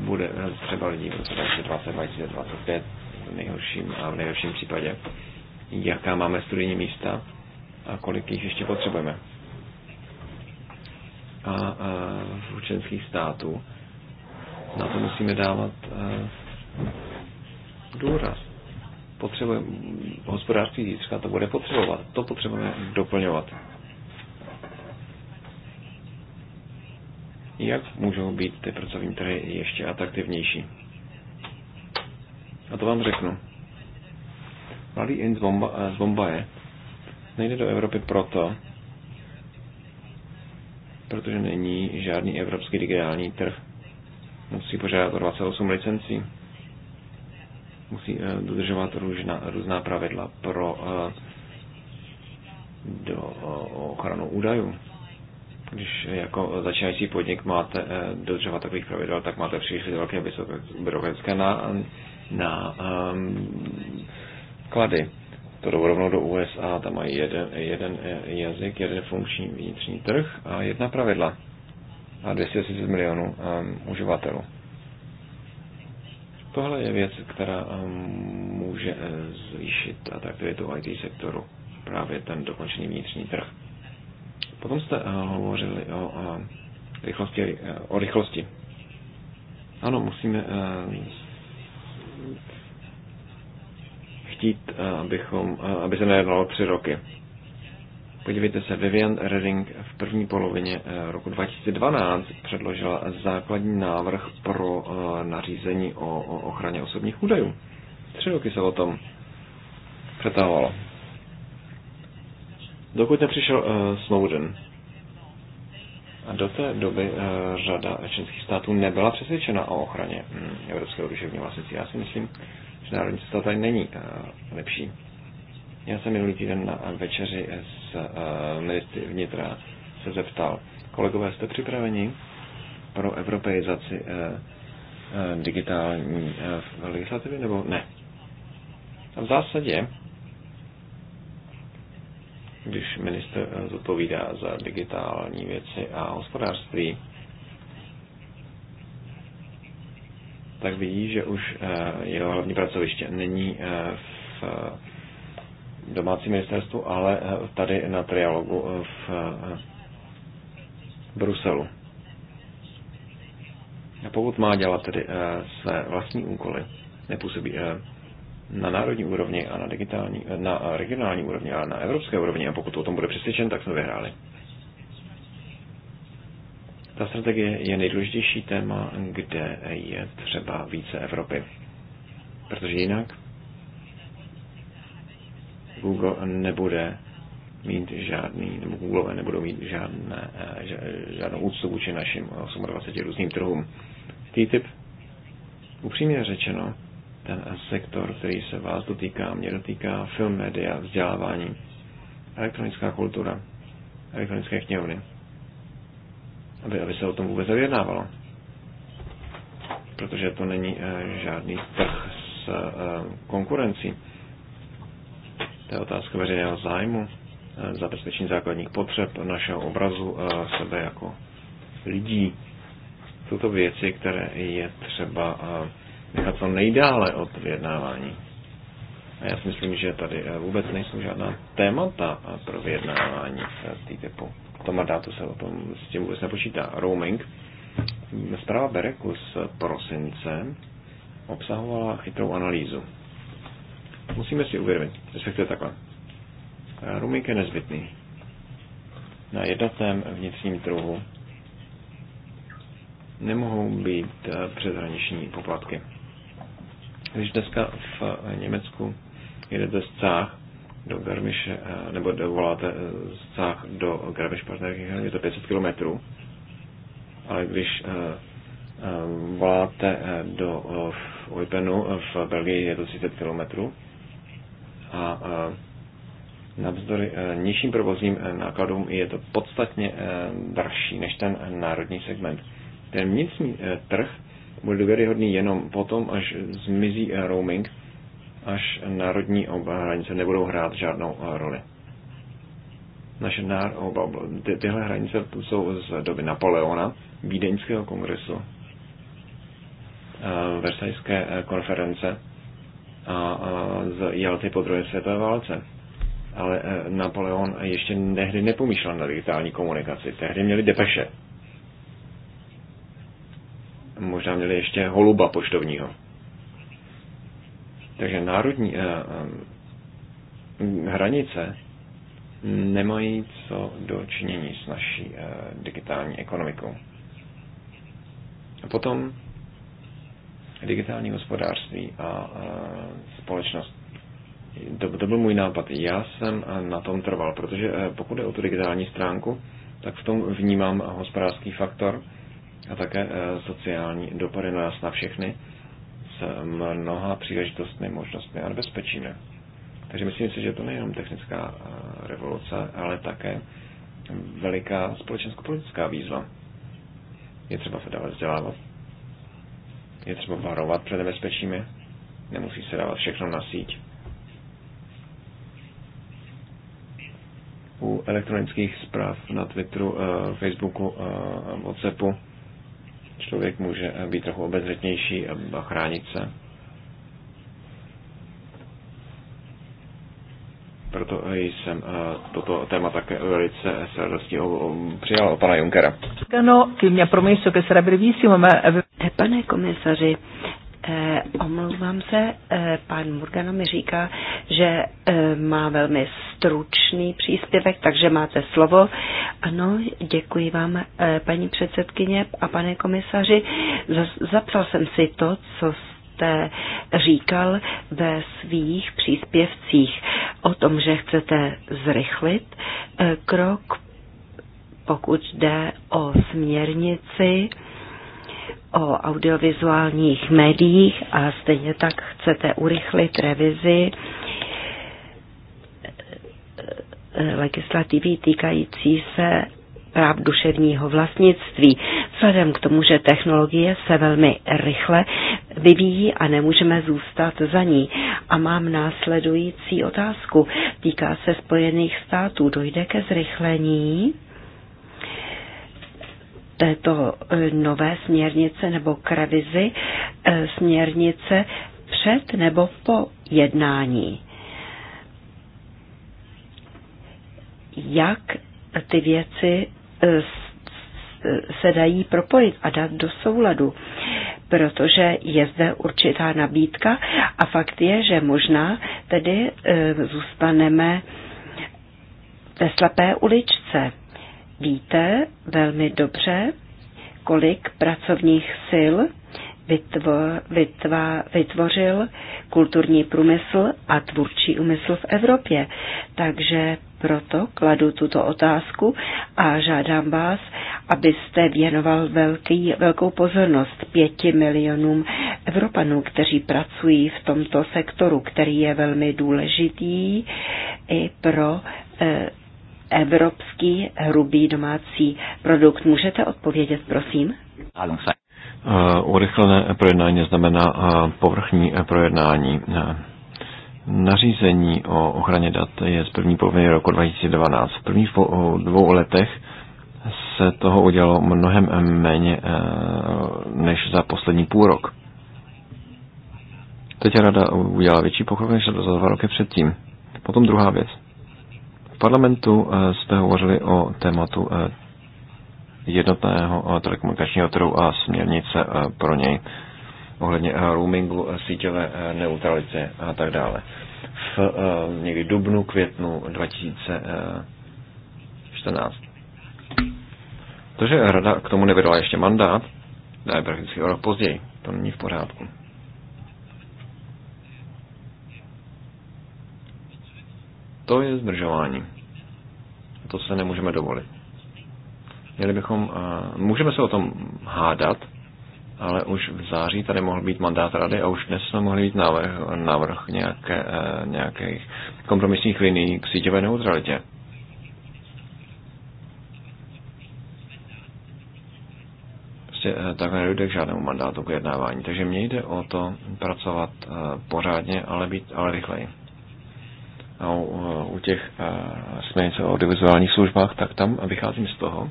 bude třeba lidí v roce 2020, 2025 v nejhorším a v nejhorším případě, jaká máme studijní místa a kolik jich ještě potřebujeme. A, v členských států na to musíme dávat eh, důraz. Potřebujeme hospodářství zítřka, to bude potřebovat. To potřebujeme doplňovat. Jak můžou být ty pracovní trhy ještě atraktivnější? A to vám řeknu. Malý in z, Bomba, eh, z Bombaje nejde do Evropy proto, protože není žádný evropský digitální trh musí požádat o 28 licencí, musí eh, dodržovat různá, různá pravidla pro eh, do eh, ochranu údajů. Když jako začínající podnik máte dodržovat takových pravidel, tak máte příliš velké vysoké byrokratické na, na um, klady. To rovnou do USA, tam mají jeden, jeden jazyk, jeden funkční vnitřní trh a jedna pravidla a 230 milionů um, uživatelů. Tohle je věc, která um, může eh, zvýšit atraktivitu IT sektoru, právě ten dokončený vnitřní trh. Potom jste eh, hovořili o rychlosti, eh, o rychlosti. Ano, musíme chtít, abychom, aby se nejednalo tři roky. Podívejte se, Vivian Redding v první polovině eh, roku 2012 předložila základní návrh pro eh, nařízení o ochraně osobních údajů. Tři roky se o tom přetahovalo. Dokud nepřišel uh, Snowden. A do té doby uh, řada členských států nebyla přesvědčena o ochraně um, evropského duševního vlastnictví. Já si myslím, že národní cesta tady není uh, lepší. Já jsem minulý týden na večeři s eh, ministry vnitra se zeptal, kolegové, jste připraveni pro evropeizaci eh, eh, digitální legislativy nebo ne? A v zásadě, když minister zodpovídá za digitální věci a hospodářství, tak vidí, že už jeho hlavní pracoviště není v domácí ministerstvu, ale eh, tady na trialogu eh, v eh, Bruselu. A pokud má dělat tedy své vlastní úkoly, nepůsobí na národní úrovni a na, digitální, na regionální úrovni, ale na evropské úrovni, a pokud o tom bude přesvědčen, tak jsme vyhráli. Ta strategie je nejdůležitější téma, kde je třeba více Evropy. Protože jinak Google nebude mít žádný, nebo Google nebudou mít žádné, eh, žádnou úctu vůči našim 28 eh, různým trhům. TTIP, upřímně řečeno, ten sektor, který se vás dotýká, mě dotýká, film, média, vzdělávání, elektronická kultura, elektronické knihovny. Aby, aby se o tom vůbec vyjednávalo. Protože to není e, žádný trh s e, konkurencí to je otázka veřejného zájmu, eh, zabezpečení základních potřeb našeho obrazu eh, sebe jako lidí. Jsou to věci, které je třeba eh, nechat co nejdále od vyjednávání. A já si myslím, že tady vůbec nejsou žádná témata pro vyjednávání té typu. V tom mandátu se o tom s tím vůbec nepočítá. Roaming. Zpráva Bereku z prosince obsahovala chytrou analýzu Musíme si uvědomit, respektive takhle. Eh, Roaming je nezbytný. Na jednotném vnitřním trhu nemohou být eh, přeshraniční poplatky. Když dneska v eh, Německu jedete z Cách do Garmisch, nebo dovoláte z Cách do Garmisch Partnerkirchen, je to 500 km, ale když voláte do Oipenu v Belgii, je to 30 km, a e, navzdory e, nižším provozním e, nákladům je to podstatně dražší než ten národní segment. Ten vnitřní trh bude důvěryhodný jenom potom, až zmizí roaming, až národní hranice nebudou hrát žádnou roli. Naše nár, oba, ty, tyhle hranice jsou z doby Napoleona, Vídeňského kongresu, Versajské konference a z Jalty po druhé světové válce. Ale e, Napoleon ještě nehdy nepomýšlel na digitální komunikaci. Tehdy měli depeše. Možná měli ještě holuba poštovního. Takže národní e, e, hranice nemají co dočinění s naší digitální ekonomikou. A potom digitální hospodářství a společnost. To, to byl můj nápad. Já jsem na tom trval, protože eh, pokud je o tu digitální stránku, tak v tom vnímám hospodářský faktor a také eh, sociální dopady na nás na všechny s mnoha příležitostmi, možnostmi a nebezpečími. Takže myslím si, že to nejenom technická eh, revoluce, ale také veliká společensko-politická výzva. Je třeba se dále vzdělávat, je třeba varovat před nebezpečími. Nemusí se dávat všechno na síť. U elektronických zpráv na Twitteru, eh, Facebooku, eh, Whatsappu člověk může být trochu obezřetnější a chránit se. Proto jsem eh, toto téma také velice s radostí přijal od pana Junkera. Ano, mě promesso že se brevissimo, ma Eh, pane komisaři, Eh, omlouvám se, eh, pan Morgano mi říká, že eh, má velmi stručný příspěvek, takže máte slovo. Ano, děkuji vám, eh, paní předsedkyně a pane komisaři. Zapsal jsem si to, co jste říkal ve svých příspěvcích o tom, že chcete zrychlit eh, krok, pokud jde o směrnici o audiovizuálních médiích a stejně tak chcete urychlit revizi eh, legislativy týkající se práv duševního vlastnictví. Vzhledem k tomu, že technologie se velmi rychle vyvíjí a nemůžeme zůstat za ní. A mám následující otázku. Týká se Spojených států. Dojde ke zrychlení? této e, nové směrnice nebo k revizi e, směrnice před nebo po jednání. Jak ty věci e, se dají propojit a dát do souladu, protože je zde určitá nabídka a fakt je, že možná tedy zůstaneme ve slepé uličce Víte velmi dobře, kolik pracovních sil vytvo, vytva, vytvořil kulturní průmysl a tvůrčí úmysl v Evropě. Takže proto kladu tuto otázku a žádám vás, abyste věnoval velký, velkou pozornost pěti milionům Evropanů, kteří pracují v tomto sektoru, který je velmi důležitý i pro eh, evropský hrubý domácí produkt. Můžete odpovědět, prosím? Uh, urychlené projednání znamená uh, povrchní uh, projednání. Uh, nařízení o ochraně dat je z první poloviny roku 2012. V prvních uh, dvou letech se toho udělalo mnohem uh, méně než za poslední půl rok. Teď rada udělala větší pokrok než za dva roky předtím. Potom druhá věc parlamentu eh, jste hovořili o tématu eh, jednotného eh, telekomunikačního trhu a směrnice pro něj ohledně roamingu, síťové neutralice a tak dále. V někdy dubnu, květnu 2014. To, že rada k tomu nevydala ještě mandát, to je prakticky rok později, to není v pořádku. To je zdržování. To se nemůžeme dovolit. Měli bychom, eh, můžeme se o tom hádat, ale už v září tady mohl být mandát rady a už dnes jsme mohli být návrh, návrh nějaké, eh, nějakých kompromisních liní k síťové neutralitě. Prostě eh, tak nedojde k žádnému mandátu k jednávání. Takže mně jde o to pracovat pořádně, ale být ale rychleji u, u těch směrnic o audiovizuálních službách, tak tam vycházím z toho,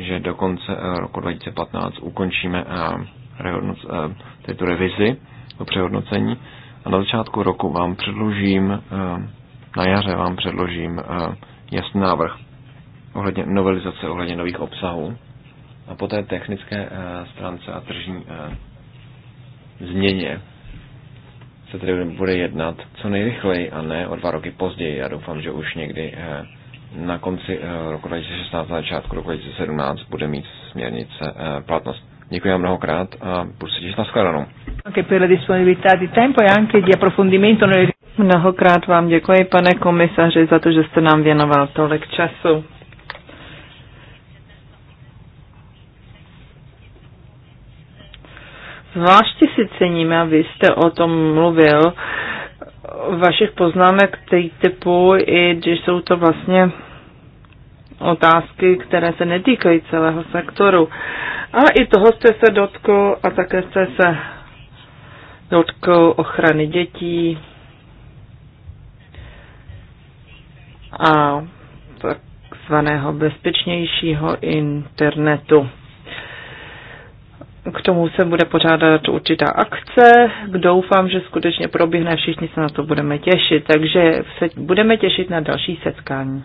že do konce e, roku 2015 ukončíme e, e, tu revizi, o přehodnocení a na začátku roku vám předložím, na jaře vám předložím jasný návrh ohledně novelizace, ohledně nových obsahů a poté technické stránce a tržní změně se tedy bude jednat co nejrychleji a ne o dva roky později. Já doufám, že už někdy eh, na konci eh, roku 2016 a začátku roku 2017 bude mít směrnice eh, platnost. Děkuji vám mnohokrát a budu se těšit na shledanou. E mnohokrát vám děkuji, pane komisaři, za to, že jste nám věnoval tolik času. Zvláště si cením, a vy jste o tom mluvil, vašich poznámek té typu, i když jsou to vlastně otázky, které se netýkají celého sektoru. Ale i toho jste se dotkl a také jste se dotkl ochrany dětí a takzvaného bezpečnějšího internetu. K tomu se bude pořádat určitá akce. Doufám, že skutečně proběhne, všichni se na to budeme těšit, takže se budeme těšit na další setkání.